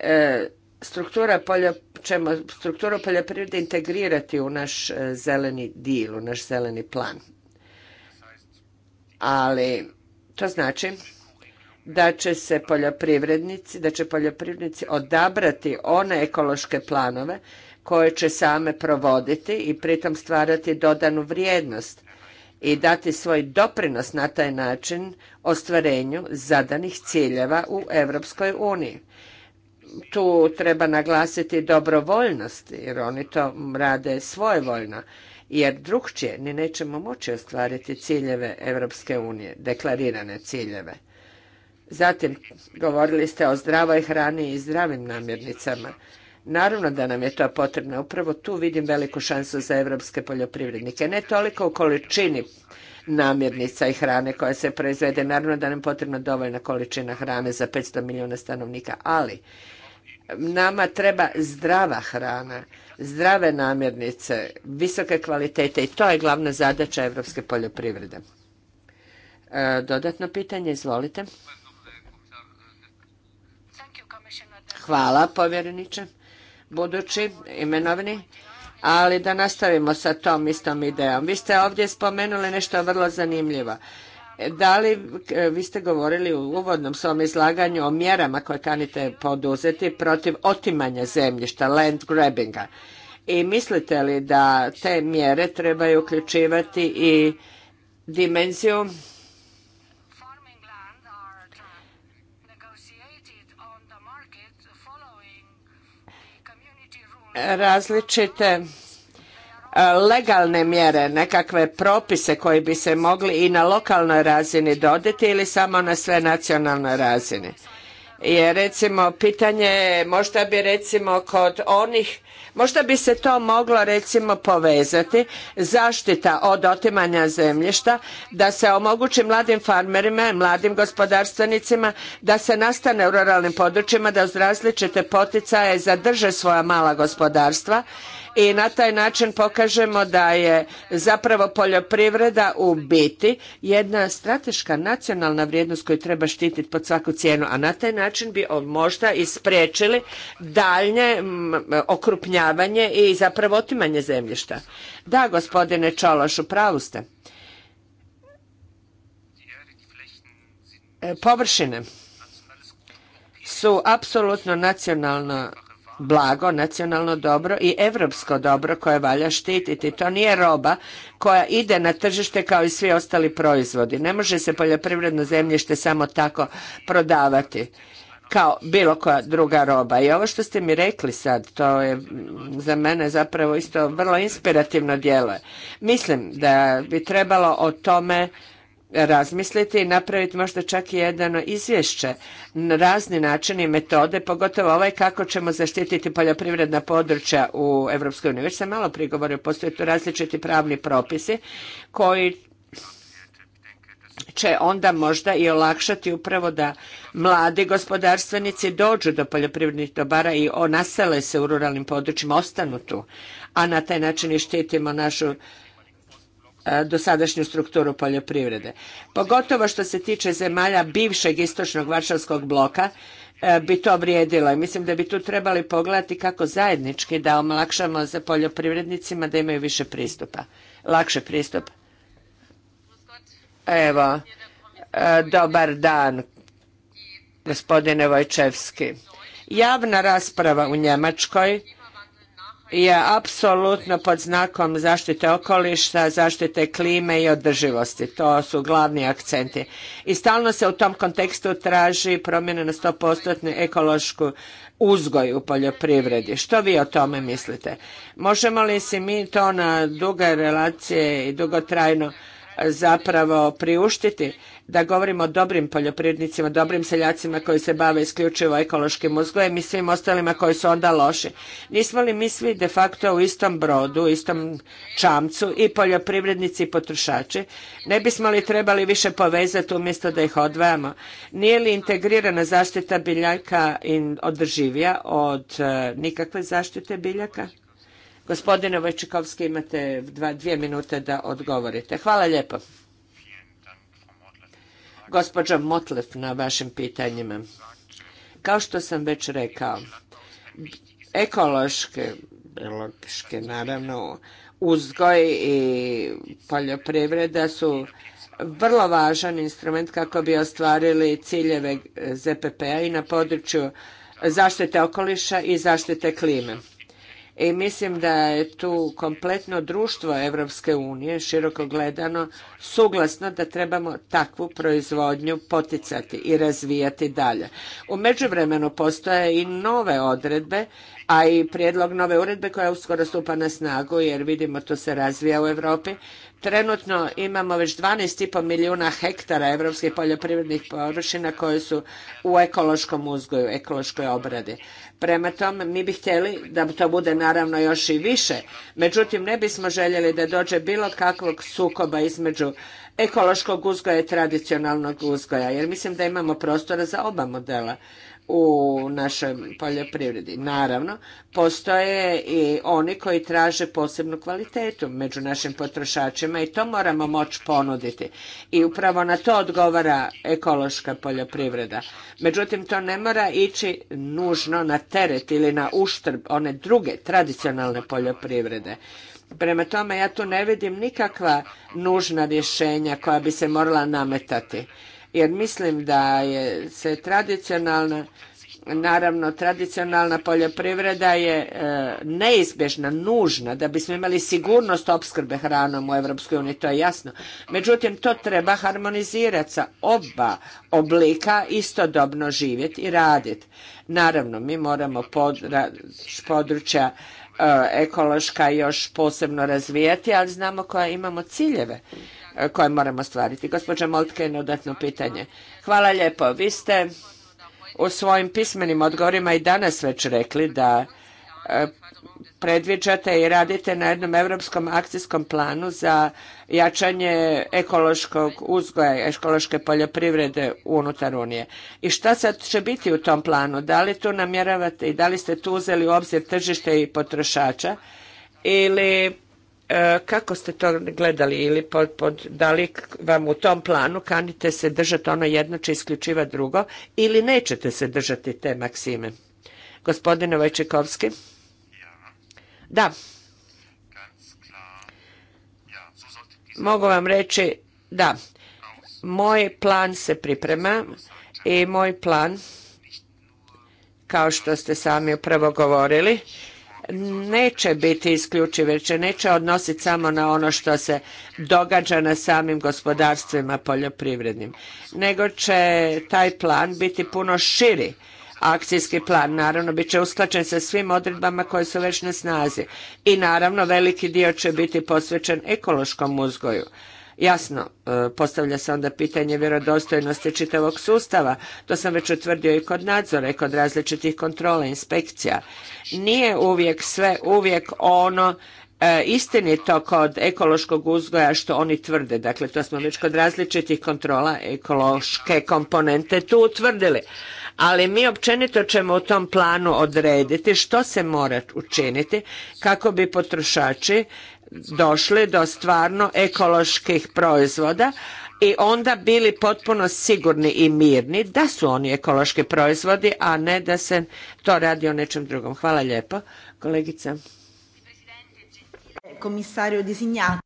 e, struktura ćemo strukturu poljoprivrede integrirati u naš e, zeleni dil, u naš zeleni plan. Ali to znači da će se poljoprivrednici, da će poljoprivrednici odabrati one ekološke planove koje će same provoditi i pritom stvarati dodanu vrijednost i dati svoj doprinos na taj način ostvarenju zadanih ciljeva u Europskoj uniji. Tu treba naglasiti dobrovoljnost jer oni to rade svojevoljno jer drugčije ni nećemo moći ostvariti ciljeve Europske unije, deklarirane ciljeve. Zatim, govorili ste o zdravoj hrani i zdravim namirnicama. Naravno da nam je to potrebno. Upravo tu vidim veliku šansu za evropske poljoprivrednike. Ne toliko u količini namirnica i hrane koja se proizvede. Naravno da nam je potrebna dovoljna količina hrane za 500 milijuna stanovnika, ali nama treba zdrava hrana, zdrave namirnice, visoke kvalitete i to je glavna zadaća evropske poljoprivrede. E, dodatno pitanje, izvolite. Hvala, povjereniče budući imenovni, ali da nastavimo sa tom istom idejom. Vi ste ovdje spomenuli nešto vrlo zanimljivo. Da li, e, vi ste govorili u uvodnom svom izlaganju o mjerama koje kanite poduzeti protiv otimanja zemljišta, land grabbinga. I mislite li da te mjere trebaju uključivati i dimenziju različite e, legalne mjere, nekakve propise koji bi se mogli i na lokalnoj razini dodati ili samo na sve nacionalnoj razini je recimo pitanje možda bi recimo kod onih možda bi se to moglo recimo povezati zaštita od otimanja zemljišta da se omogući mladim farmerima mladim gospodarstvenicima da se nastane u ruralnim područjima da uz različite poticaje zadrže svoja mala gospodarstva i na taj način pokažemo da je zapravo poljoprivreda u biti jedna strateška nacionalna vrijednost koju treba štititi pod svaku cijenu, a na taj način bi možda i spriječili daljnje okrupnjavanje i zapravo otimanje zemljišta. Da, gospodine Čološ, u pravu ste. E, površine su apsolutno nacionalno blago, nacionalno dobro i europsko dobro koje valja štititi. To nije roba koja ide na tržište kao i svi ostali proizvodi. Ne može se poljoprivredno zemljište samo tako prodavati kao bilo koja druga roba. I ovo što ste mi rekli sad, to je za mene zapravo isto vrlo inspirativno djelo. Mislim da bi trebalo o tome razmisliti i napraviti možda čak i jedno izvješće na razni načini i metode, pogotovo ovaj kako ćemo zaštititi poljoprivredna područja u EU. Već sam malo prigovorio, postoje tu različiti pravni propisi koji će onda možda i olakšati upravo da mladi gospodarstvenici dođu do poljoprivrednih dobara i nasele se u ruralnim područjima, ostanu tu, a na taj način i štitimo našu E, dosadašnju strukturu poljoprivrede. Pogotovo što se tiče zemalja bivšeg istočnog varšavskog bloka e, bi to vrijedilo i mislim da bi tu trebali pogledati kako zajednički da omlakšamo za poljoprivrednicima da imaju više pristupa, lakše pristup. Evo, e, dobar dan, gospodine Vojčevski. Javna rasprava u Njemačkoj je apsolutno pod znakom zaštite okoliša, zaštite klime i održivosti. To su glavni akcenti. I stalno se u tom kontekstu traži promjena na 100% ekološku uzgoj u poljoprivredi. Što vi o tome mislite? Možemo li si mi to na duge relacije i dugotrajno zapravo priuštiti? da govorimo o dobrim poljoprivrednicima, dobrim seljacima koji se bave isključivo ekološkim uzgojem i svim ostalima koji su onda loši. Nismo li mi svi de facto u istom brodu, u istom čamcu i poljoprivrednici i potrošači? Ne bismo li trebali više povezati umjesto da ih odvajamo? Nije li integrirana zaštita biljaka održivija od e, nikakve zaštite biljaka? Gospodine Vojčikovski, imate dvije minute da odgovorite. Hvala lijepo gospođa Motlef na vašim pitanjima. Kao što sam već rekao, ekološke, biološke naravno, uzgoj i poljoprivreda su vrlo važan instrument kako bi ostvarili ciljeve ZPP-a i na području zaštite okoliša i zaštite klime. I mislim da je tu kompletno društvo Evropske unije, široko gledano, suglasno da trebamo takvu proizvodnju poticati i razvijati dalje. U međuvremenu postoje i nove odredbe a i prijedlog nove uredbe koja uskoro stupa na snagu jer vidimo to se razvija u Europi. Trenutno imamo već 12,5 milijuna hektara europskih poljoprivrednih površina koje su u ekološkom uzgoju, ekološkoj obradi. Prema tome, mi bi htjeli da to bude naravno još i više, međutim ne bismo željeli da dođe bilo kakvog sukoba između ekološkog uzgoja i tradicionalnog uzgoja, jer mislim da imamo prostora za oba modela u našoj poljoprivredi. Naravno, postoje i oni koji traže posebnu kvalitetu među našim potrošačima i to moramo moći ponuditi. I upravo na to odgovara ekološka poljoprivreda. Međutim, to ne mora ići nužno na teret ili na uštrb one druge tradicionalne poljoprivrede. Prema tome, ja tu ne vidim nikakva nužna rješenja koja bi se morala nametati jer mislim da je se tradicionalna naravno tradicionalna poljoprivreda je e, neizbježna, nužna da bismo imali sigurnost opskrbe hranom u EU, to je jasno. Međutim, to treba harmonizirati sa oba oblika istodobno živjeti i raditi. Naravno, mi moramo područja E, ekološka još posebno razvijati, ali znamo koje imamo ciljeve e, koje moramo stvariti. Gospođa Moltke, jedno pitanje. Hvala lijepo. Vi ste u svojim pismenim odgovorima i danas već rekli da e, predviđate i radite na jednom europskom akcijskom planu za jačanje ekološkog uzgoja, ekološke poljoprivrede unutar Unije. I šta sad će biti u tom planu? Da li tu namjeravate i da li ste tu uzeli u obzir tržište i potrošača ili e, kako ste to gledali ili pod, pod, da li vam u tom planu kanite se držati ono jedno će isključivati drugo ili nećete se držati te maksime? Gospodine Vojčekovski. Da. Mogu vam reći da. Moj plan se priprema i moj plan, kao što ste sami upravo govorili, neće biti isključiv, jer će neće odnositi samo na ono što se događa na samim gospodarstvima poljoprivrednim, nego će taj plan biti puno širi akcijski plan. Naravno, bit će usklačen sa svim odredbama koje su već na snazi. I naravno, veliki dio će biti posvećen ekološkom uzgoju. Jasno, e, postavlja se onda pitanje vjerodostojnosti čitavog sustava. To sam već utvrdio i kod nadzora i kod različitih kontrola, inspekcija. Nije uvijek sve, uvijek ono E, istinito kod ekološkog uzgoja što oni tvrde. Dakle, to smo već kod različitih kontrola ekološke komponente tu utvrdili. Ali mi općenito ćemo u tom planu odrediti što se mora učiniti kako bi potrošači došli do stvarno ekoloških proizvoda i onda bili potpuno sigurni i mirni da su oni ekološki proizvodi, a ne da se to radi o nečem drugom. Hvala lijepo, kolegica komisario designato.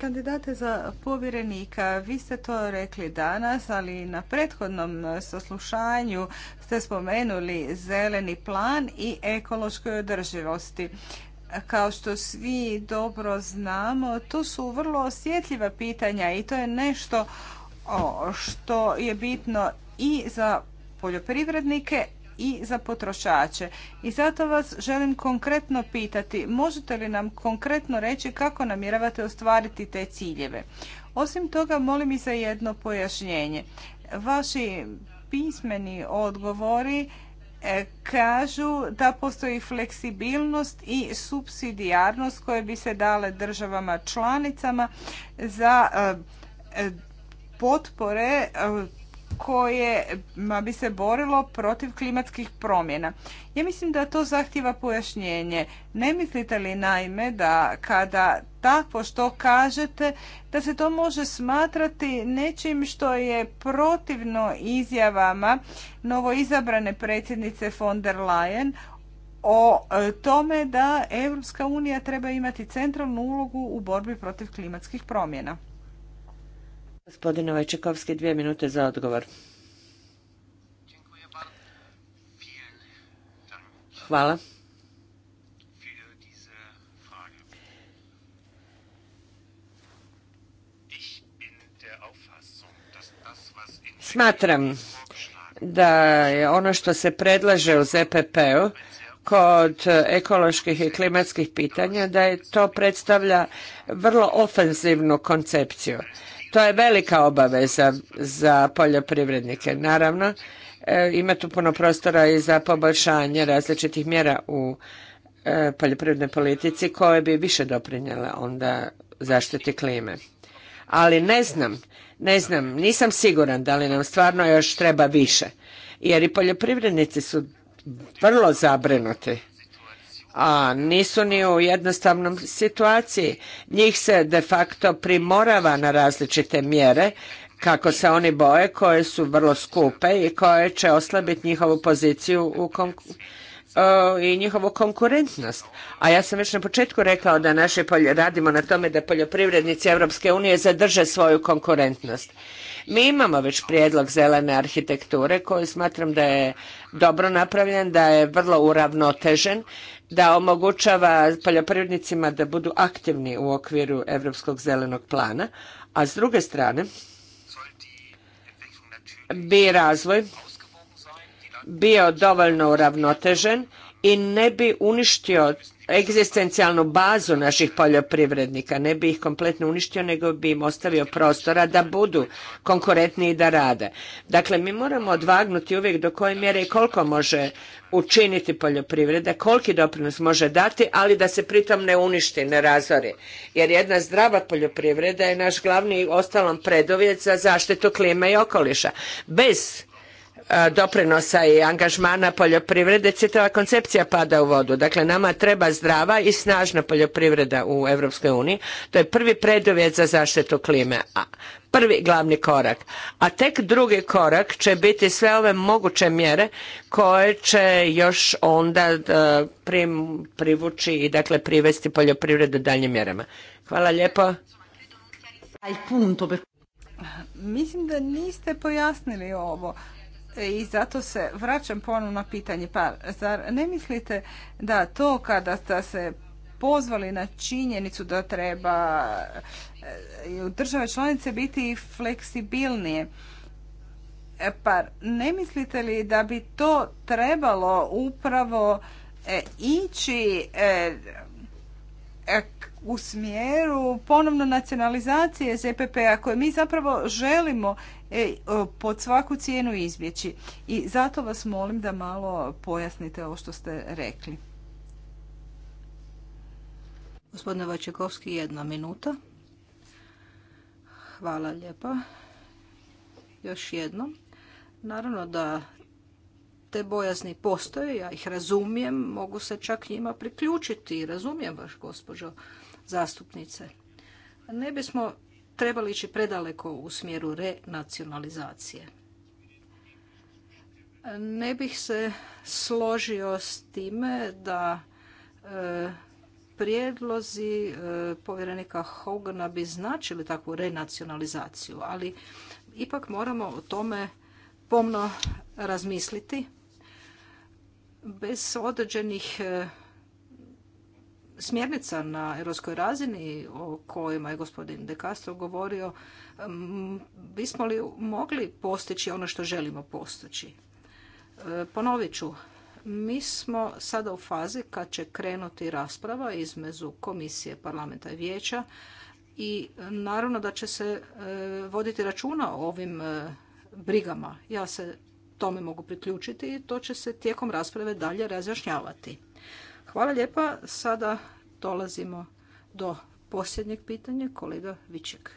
Kandidate za povjerenika, vi ste to rekli danas, ali na prethodnom saslušanju ste spomenuli zeleni plan i ekološkoj održivosti. Kao što svi dobro znamo, to su vrlo osjetljiva pitanja i to je nešto što je bitno i za poljoprivrednike, i za potrošače. I zato vas želim konkretno pitati, možete li nam konkretno reći kako namjeravate ostvariti te ciljeve? Osim toga, molim i za jedno pojašnjenje. Vaši pismeni odgovori e, kažu da postoji fleksibilnost i subsidijarnost koje bi se dale državama članicama za e, e, potpore koje bi se borilo protiv klimatskih promjena. Ja mislim da to zahtjeva pojašnjenje. Ne mislite li naime da kada takvo što kažete, da se to može smatrati nečim što je protivno izjavama novoizabrane predsjednice von der Leyen o e, tome da Europska unija treba imati centralnu ulogu u borbi protiv klimatskih promjena. Gospodine Vojčekovski, dvije minute za odgovor. Hvala. Smatram da je ono što se predlaže u ZPP-u kod ekoloških i klimatskih pitanja da je to predstavlja vrlo ofenzivnu koncepciju to je velika obaveza za poljoprivrednike. Naravno, e, ima tu puno prostora i za poboljšanje različitih mjera u e, poljoprivrednoj politici koje bi više doprinjele onda zaštiti klime. Ali ne znam, ne znam, nisam siguran da li nam stvarno još treba više. Jer i poljoprivrednici su vrlo zabrinuti a nisu ni u jednostavnom situaciji. Njih se de facto primorava na različite mjere kako se oni boje koje su vrlo skupe i koje će oslabiti njihovu poziciju u e, i njihovu konkurentnost. A ja sam već na početku rekao da naše polje, radimo na tome da poljoprivrednici Europske unije zadrže svoju konkurentnost. Mi imamo već prijedlog zelene arhitekture koji smatram da je dobro napravljen, da je vrlo uravnotežen da omogućava poljoprivrednicima da budu aktivni u okviru Europskog zelenog plana, a s druge strane bi razvoj bio dovoljno uravnotežen i ne bi uništio egzistencijalnu bazu naših poljoprivrednika. Ne bi ih kompletno uništio, nego bi im ostavio prostora da budu konkurentni i da rade. Dakle, mi moramo odvagnuti uvijek do koje mjere i koliko može učiniti poljoprivreda, koliki doprinos može dati, ali da se pritom ne uništi, ne razori. Jer jedna zdrava poljoprivreda je naš glavni ostalom preduvjet za zaštitu klime i okoliša. Bez E, doprinosa i angažmana poljoprivrede, čitava koncepcija pada u vodu. Dakle, nama treba zdrava i snažna poljoprivreda u Europskoj uniji. To je prvi preduvjet za zaštitu klime. A prvi glavni korak. A tek drugi korak će biti sve ove moguće mjere koje će još onda e, prim, privući i dakle privesti poljoprivredu daljnjim mjerama. Hvala lijepo. Mislim da niste pojasnili ovo i zato se vraćam ponovno na pitanje. Pa zar ne mislite da to kada ste se pozvali na činjenicu da treba e, države članice biti fleksibilnije, pa ne mislite li da bi to trebalo upravo e, ići u smjeru ponovno nacionalizacije ZPP-a koje mi zapravo želimo E, pod svaku cijenu izbjeći. I zato vas molim da malo pojasnite ovo što ste rekli. Gospodine vačekovski jedna minuta. Hvala lijepa. Još jedno Naravno da te bojazni postoje, ja ih razumijem, mogu se čak njima priključiti i razumijem vaš gospođo zastupnice. Ne bismo trebali ići predaleko u smjeru renacionalizacije. Ne bih se složio s time da e, prijedlozi e, povjerenika Hogana bi značili takvu renacionalizaciju, ali ipak moramo o tome pomno razmisliti bez određenih e, smjernica na europskoj razini o kojima je gospodin De Castro govorio, bismo li mogli postići ono što želimo postići? E, ponovit ću, mi smo sada u fazi kad će krenuti rasprava između komisije parlamenta i vijeća i naravno da će se e, voditi računa o ovim e, brigama. Ja se tome mogu priključiti i to će se tijekom rasprave dalje razjašnjavati. Hvala lijepa. Sada dolazimo do posljednjeg pitanja. Kolega Viček.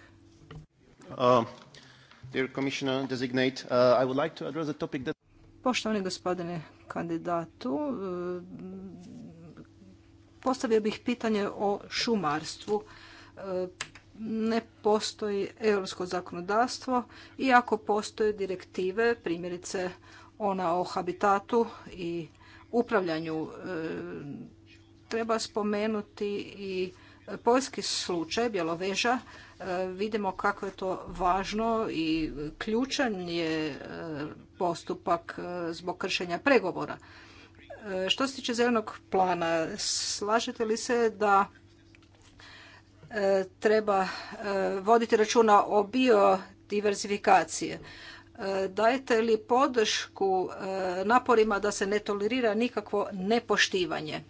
Uh, uh, Poštovani gospodine kandidatu, uh, postavio bih pitanje o šumarstvu. Ne postoji europsko zakonodavstvo, iako postoje direktive, primjerice ona o habitatu i upravljanju. E, treba spomenuti i poljski slučaj Bjeloveža. E, vidimo kako je to važno i ključan je e, postupak zbog kršenja pregovora. Što se tiče zelenog plana, slažete li se da treba voditi računa o biodiverzifikaciji? dajete li podršku e, naporima da se ne tolerira nikakvo nepoštivanje? E,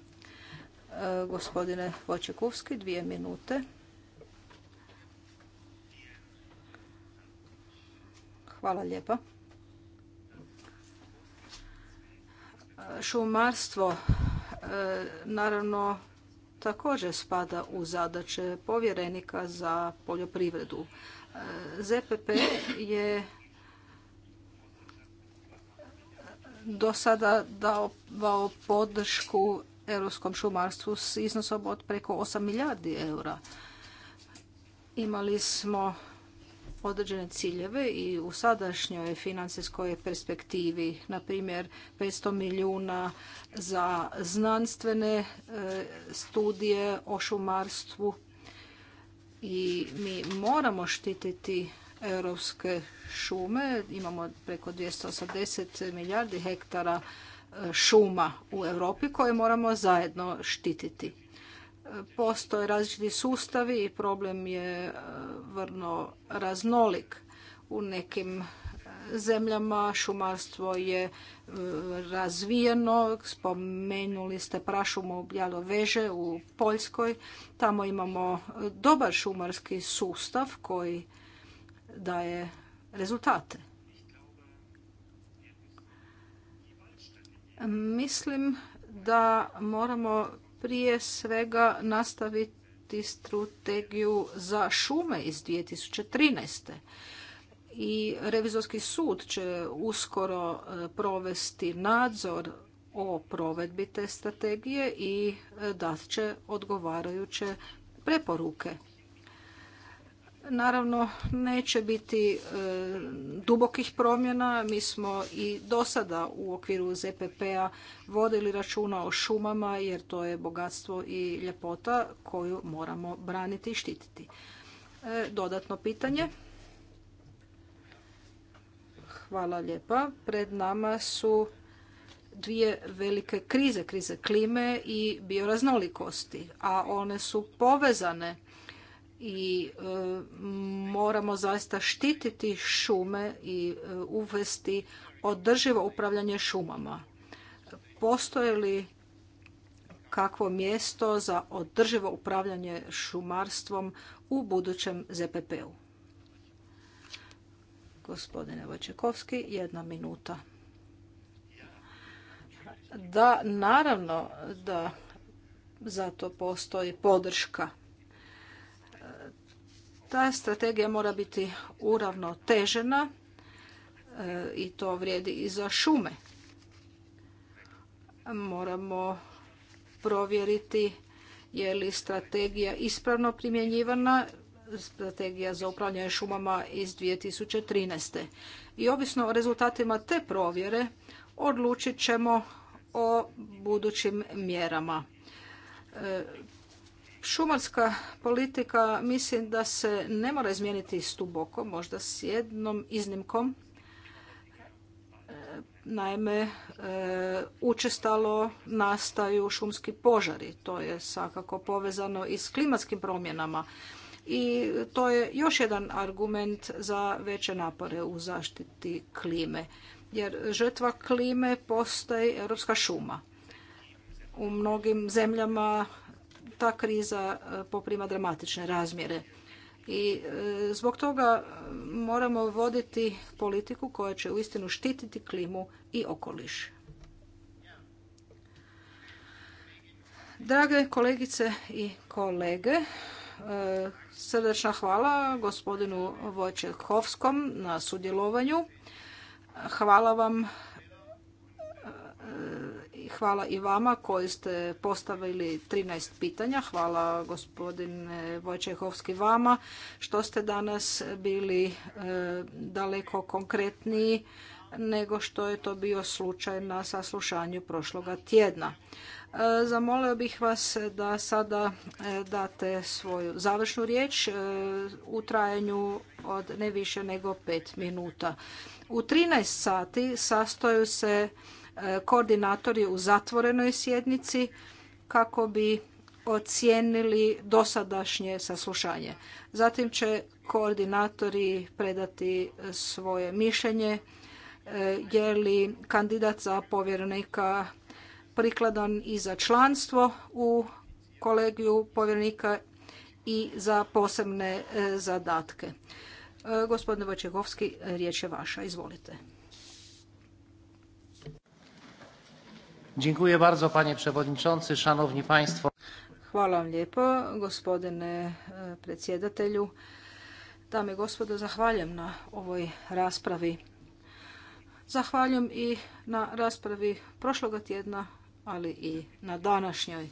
gospodine Vočekovski, dvije minute. Hvala lijepa. Šumarstvo e, naravno također spada u zadaće povjerenika za poljoprivredu. ZPP je do sada dao podršku europskom šumarstvu s iznosom od preko 8 milijardi eura. Imali smo određene ciljeve i u sadašnjoj financijskoj perspektivi, na primjer 500 milijuna za znanstvene e, studije o šumarstvu i mi moramo štititi europske šume. Imamo preko 280 milijardi hektara e, šuma u Europi koje moramo zajedno štititi. E, postoje različiti sustavi i problem je e, vrlo raznolik. U nekim zemljama šumarstvo je razvijeno. Spomenuli ste prašumu veže u Poljskoj. Tamo imamo dobar šumarski sustav koji daje rezultate. Mislim da moramo prije svega nastaviti strategiju za šume iz 2013. I revizorski sud će uskoro e, provesti nadzor o provedbi te strategije i e, dat će odgovarajuće preporuke. Naravno, neće biti e, dubokih promjena. Mi smo i do sada u okviru ZPP-a vodili računa o šumama jer to je bogatstvo i ljepota koju moramo braniti i štititi. E, dodatno pitanje. Hvala lijepa. Pred nama su dvije velike krize, krize klime i bioraznolikosti, a one su povezane i e, moramo zaista štititi šume i e, uvesti održivo upravljanje šumama. Postoje li kakvo mjesto za održivo upravljanje šumarstvom u budućem ZPP-u? Gospodine Vojčekovski, jedna minuta. Da, naravno da za to postoji podrška ta strategija mora biti uravnotežena e, i to vrijedi i za šume. Moramo provjeriti je li strategija ispravno primjenjivana, strategija za upravljanje šumama iz 2013. I ovisno o rezultatima te provjere odlučit ćemo o budućim mjerama. E, Šumarska politika mislim da se ne mora izmijeniti stuboko, možda s jednom iznimkom. E, naime, e, učestalo nastaju šumski požari. To je svakako povezano i s klimatskim promjenama. I to je još jedan argument za veće napore u zaštiti klime. Jer žrtva klime postaje europska šuma. U mnogim zemljama ta kriza e, poprima dramatične razmjere. I e, zbog toga e, moramo voditi politiku koja će uistinu štititi klimu i okoliš. Drage kolegice i kolege, srdečna hvala gospodinu Vojčehovskom na sudjelovanju. Hvala vam hvala i vama koji ste postavili 13 pitanja. Hvala gospodine Vojčehovski vama što ste danas bili e, daleko konkretniji nego što je to bio slučaj na saslušanju prošloga tjedna. E, zamolio bih vas da sada e, date svoju završnu riječ u trajanju od ne više nego pet minuta. U 13 sati sastoju se E, koordinatori u zatvorenoj sjednici kako bi ocijenili dosadašnje saslušanje. Zatim će koordinatori predati svoje mišljenje e, je li kandidat za povjerenika prikladan i za članstvo u kolegiju povjerenika i za posebne e, zadatke. Gospodine Vojčegovski, riječ je vaša. Izvolite. Dziękuję Hvala vam lijepo, gospodine e, predsjedatelju. Dame i gospodo, zahvaljujem na ovoj raspravi. Zahvaljujem i na raspravi prošloga tjedna, ali i na današnjoj.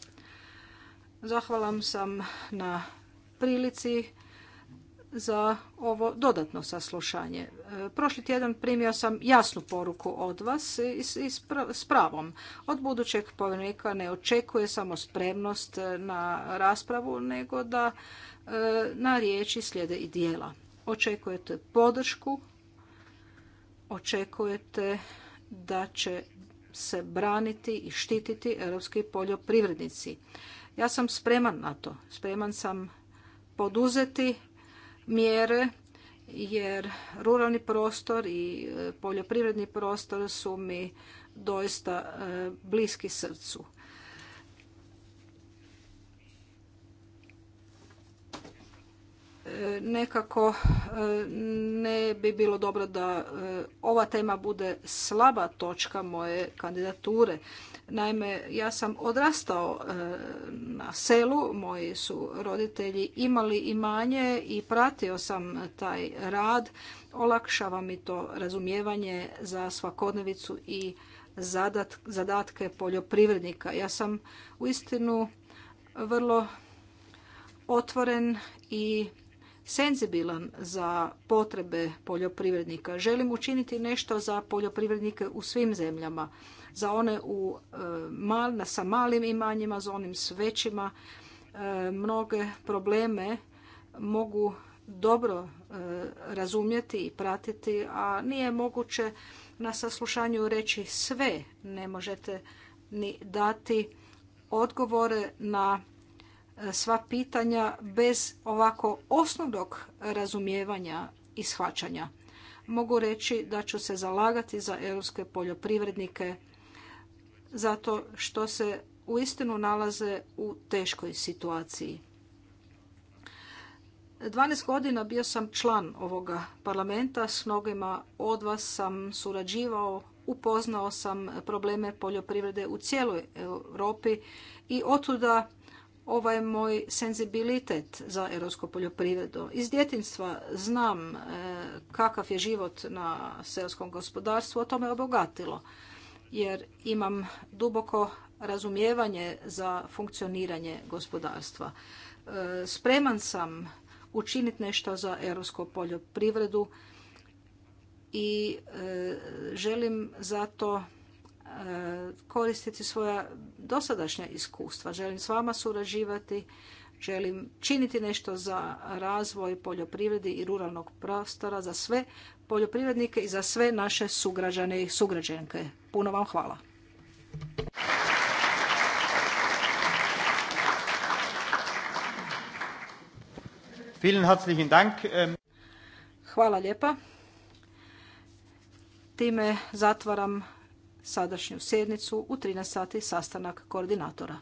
Zahvalam sam na prilici za ovo dodatno saslušanje. E, prošli tjedan primio sam jasnu poruku od vas i s pravom. Od budućeg povjerenika ne očekuje samo spremnost e, na raspravu, nego da e, na riječi slijede i dijela. Očekujete podršku, očekujete da će se braniti i štititi europski poljoprivrednici. Ja sam spreman na to. Spreman sam poduzeti mjere jer ruralni prostor i e, poljoprivredni prostor su mi doista e, bliski srcu. nekako e, ne bi bilo dobro da e, ova tema bude slaba točka moje kandidature. Naime, ja sam odrastao e, na selu, moji su roditelji imali imanje i pratio sam taj rad. Olakšava mi to razumijevanje za svakodnevicu i zadatke poljoprivrednika. Ja sam u istinu vrlo otvoren i senzibilan za potrebe poljoprivrednika. Želim učiniti nešto za poljoprivrednike u svim zemljama, za one u, e, mal, sa malim imanjima, za onim s većima. E, mnoge probleme mogu dobro e, razumjeti i pratiti, a nije moguće na saslušanju reći sve. Ne možete ni dati odgovore na sva pitanja bez ovako osnovnog razumijevanja i shvaćanja. Mogu reći da ću se zalagati za europske poljoprivrednike zato što se uistinu nalaze u teškoj situaciji. 12 godina bio sam član ovoga parlamenta, s mnogima od vas sam surađivao, upoznao sam probleme poljoprivrede u cijeloj Europi i otuda Ovaj moj senzibilitet za europsku poljoprivredu. Iz djetinstva znam e, kakav je život na selskom gospodarstvu, o tome obogatilo. Jer imam duboko razumijevanje za funkcioniranje gospodarstva. E, spreman sam učiniti nešto za europsku poljoprivredu i e, želim zato koristiti svoja dosadašnja iskustva. Želim s vama surađivati, želim činiti nešto za razvoj poljoprivredi i ruralnog prostora za sve poljoprivrednike i za sve naše sugrađane i sugrađenke. Puno vam hvala. Ähm. Hvala lijepa. Time zatvaram sadašnju sjednicu u 13 sati sastanak koordinatora.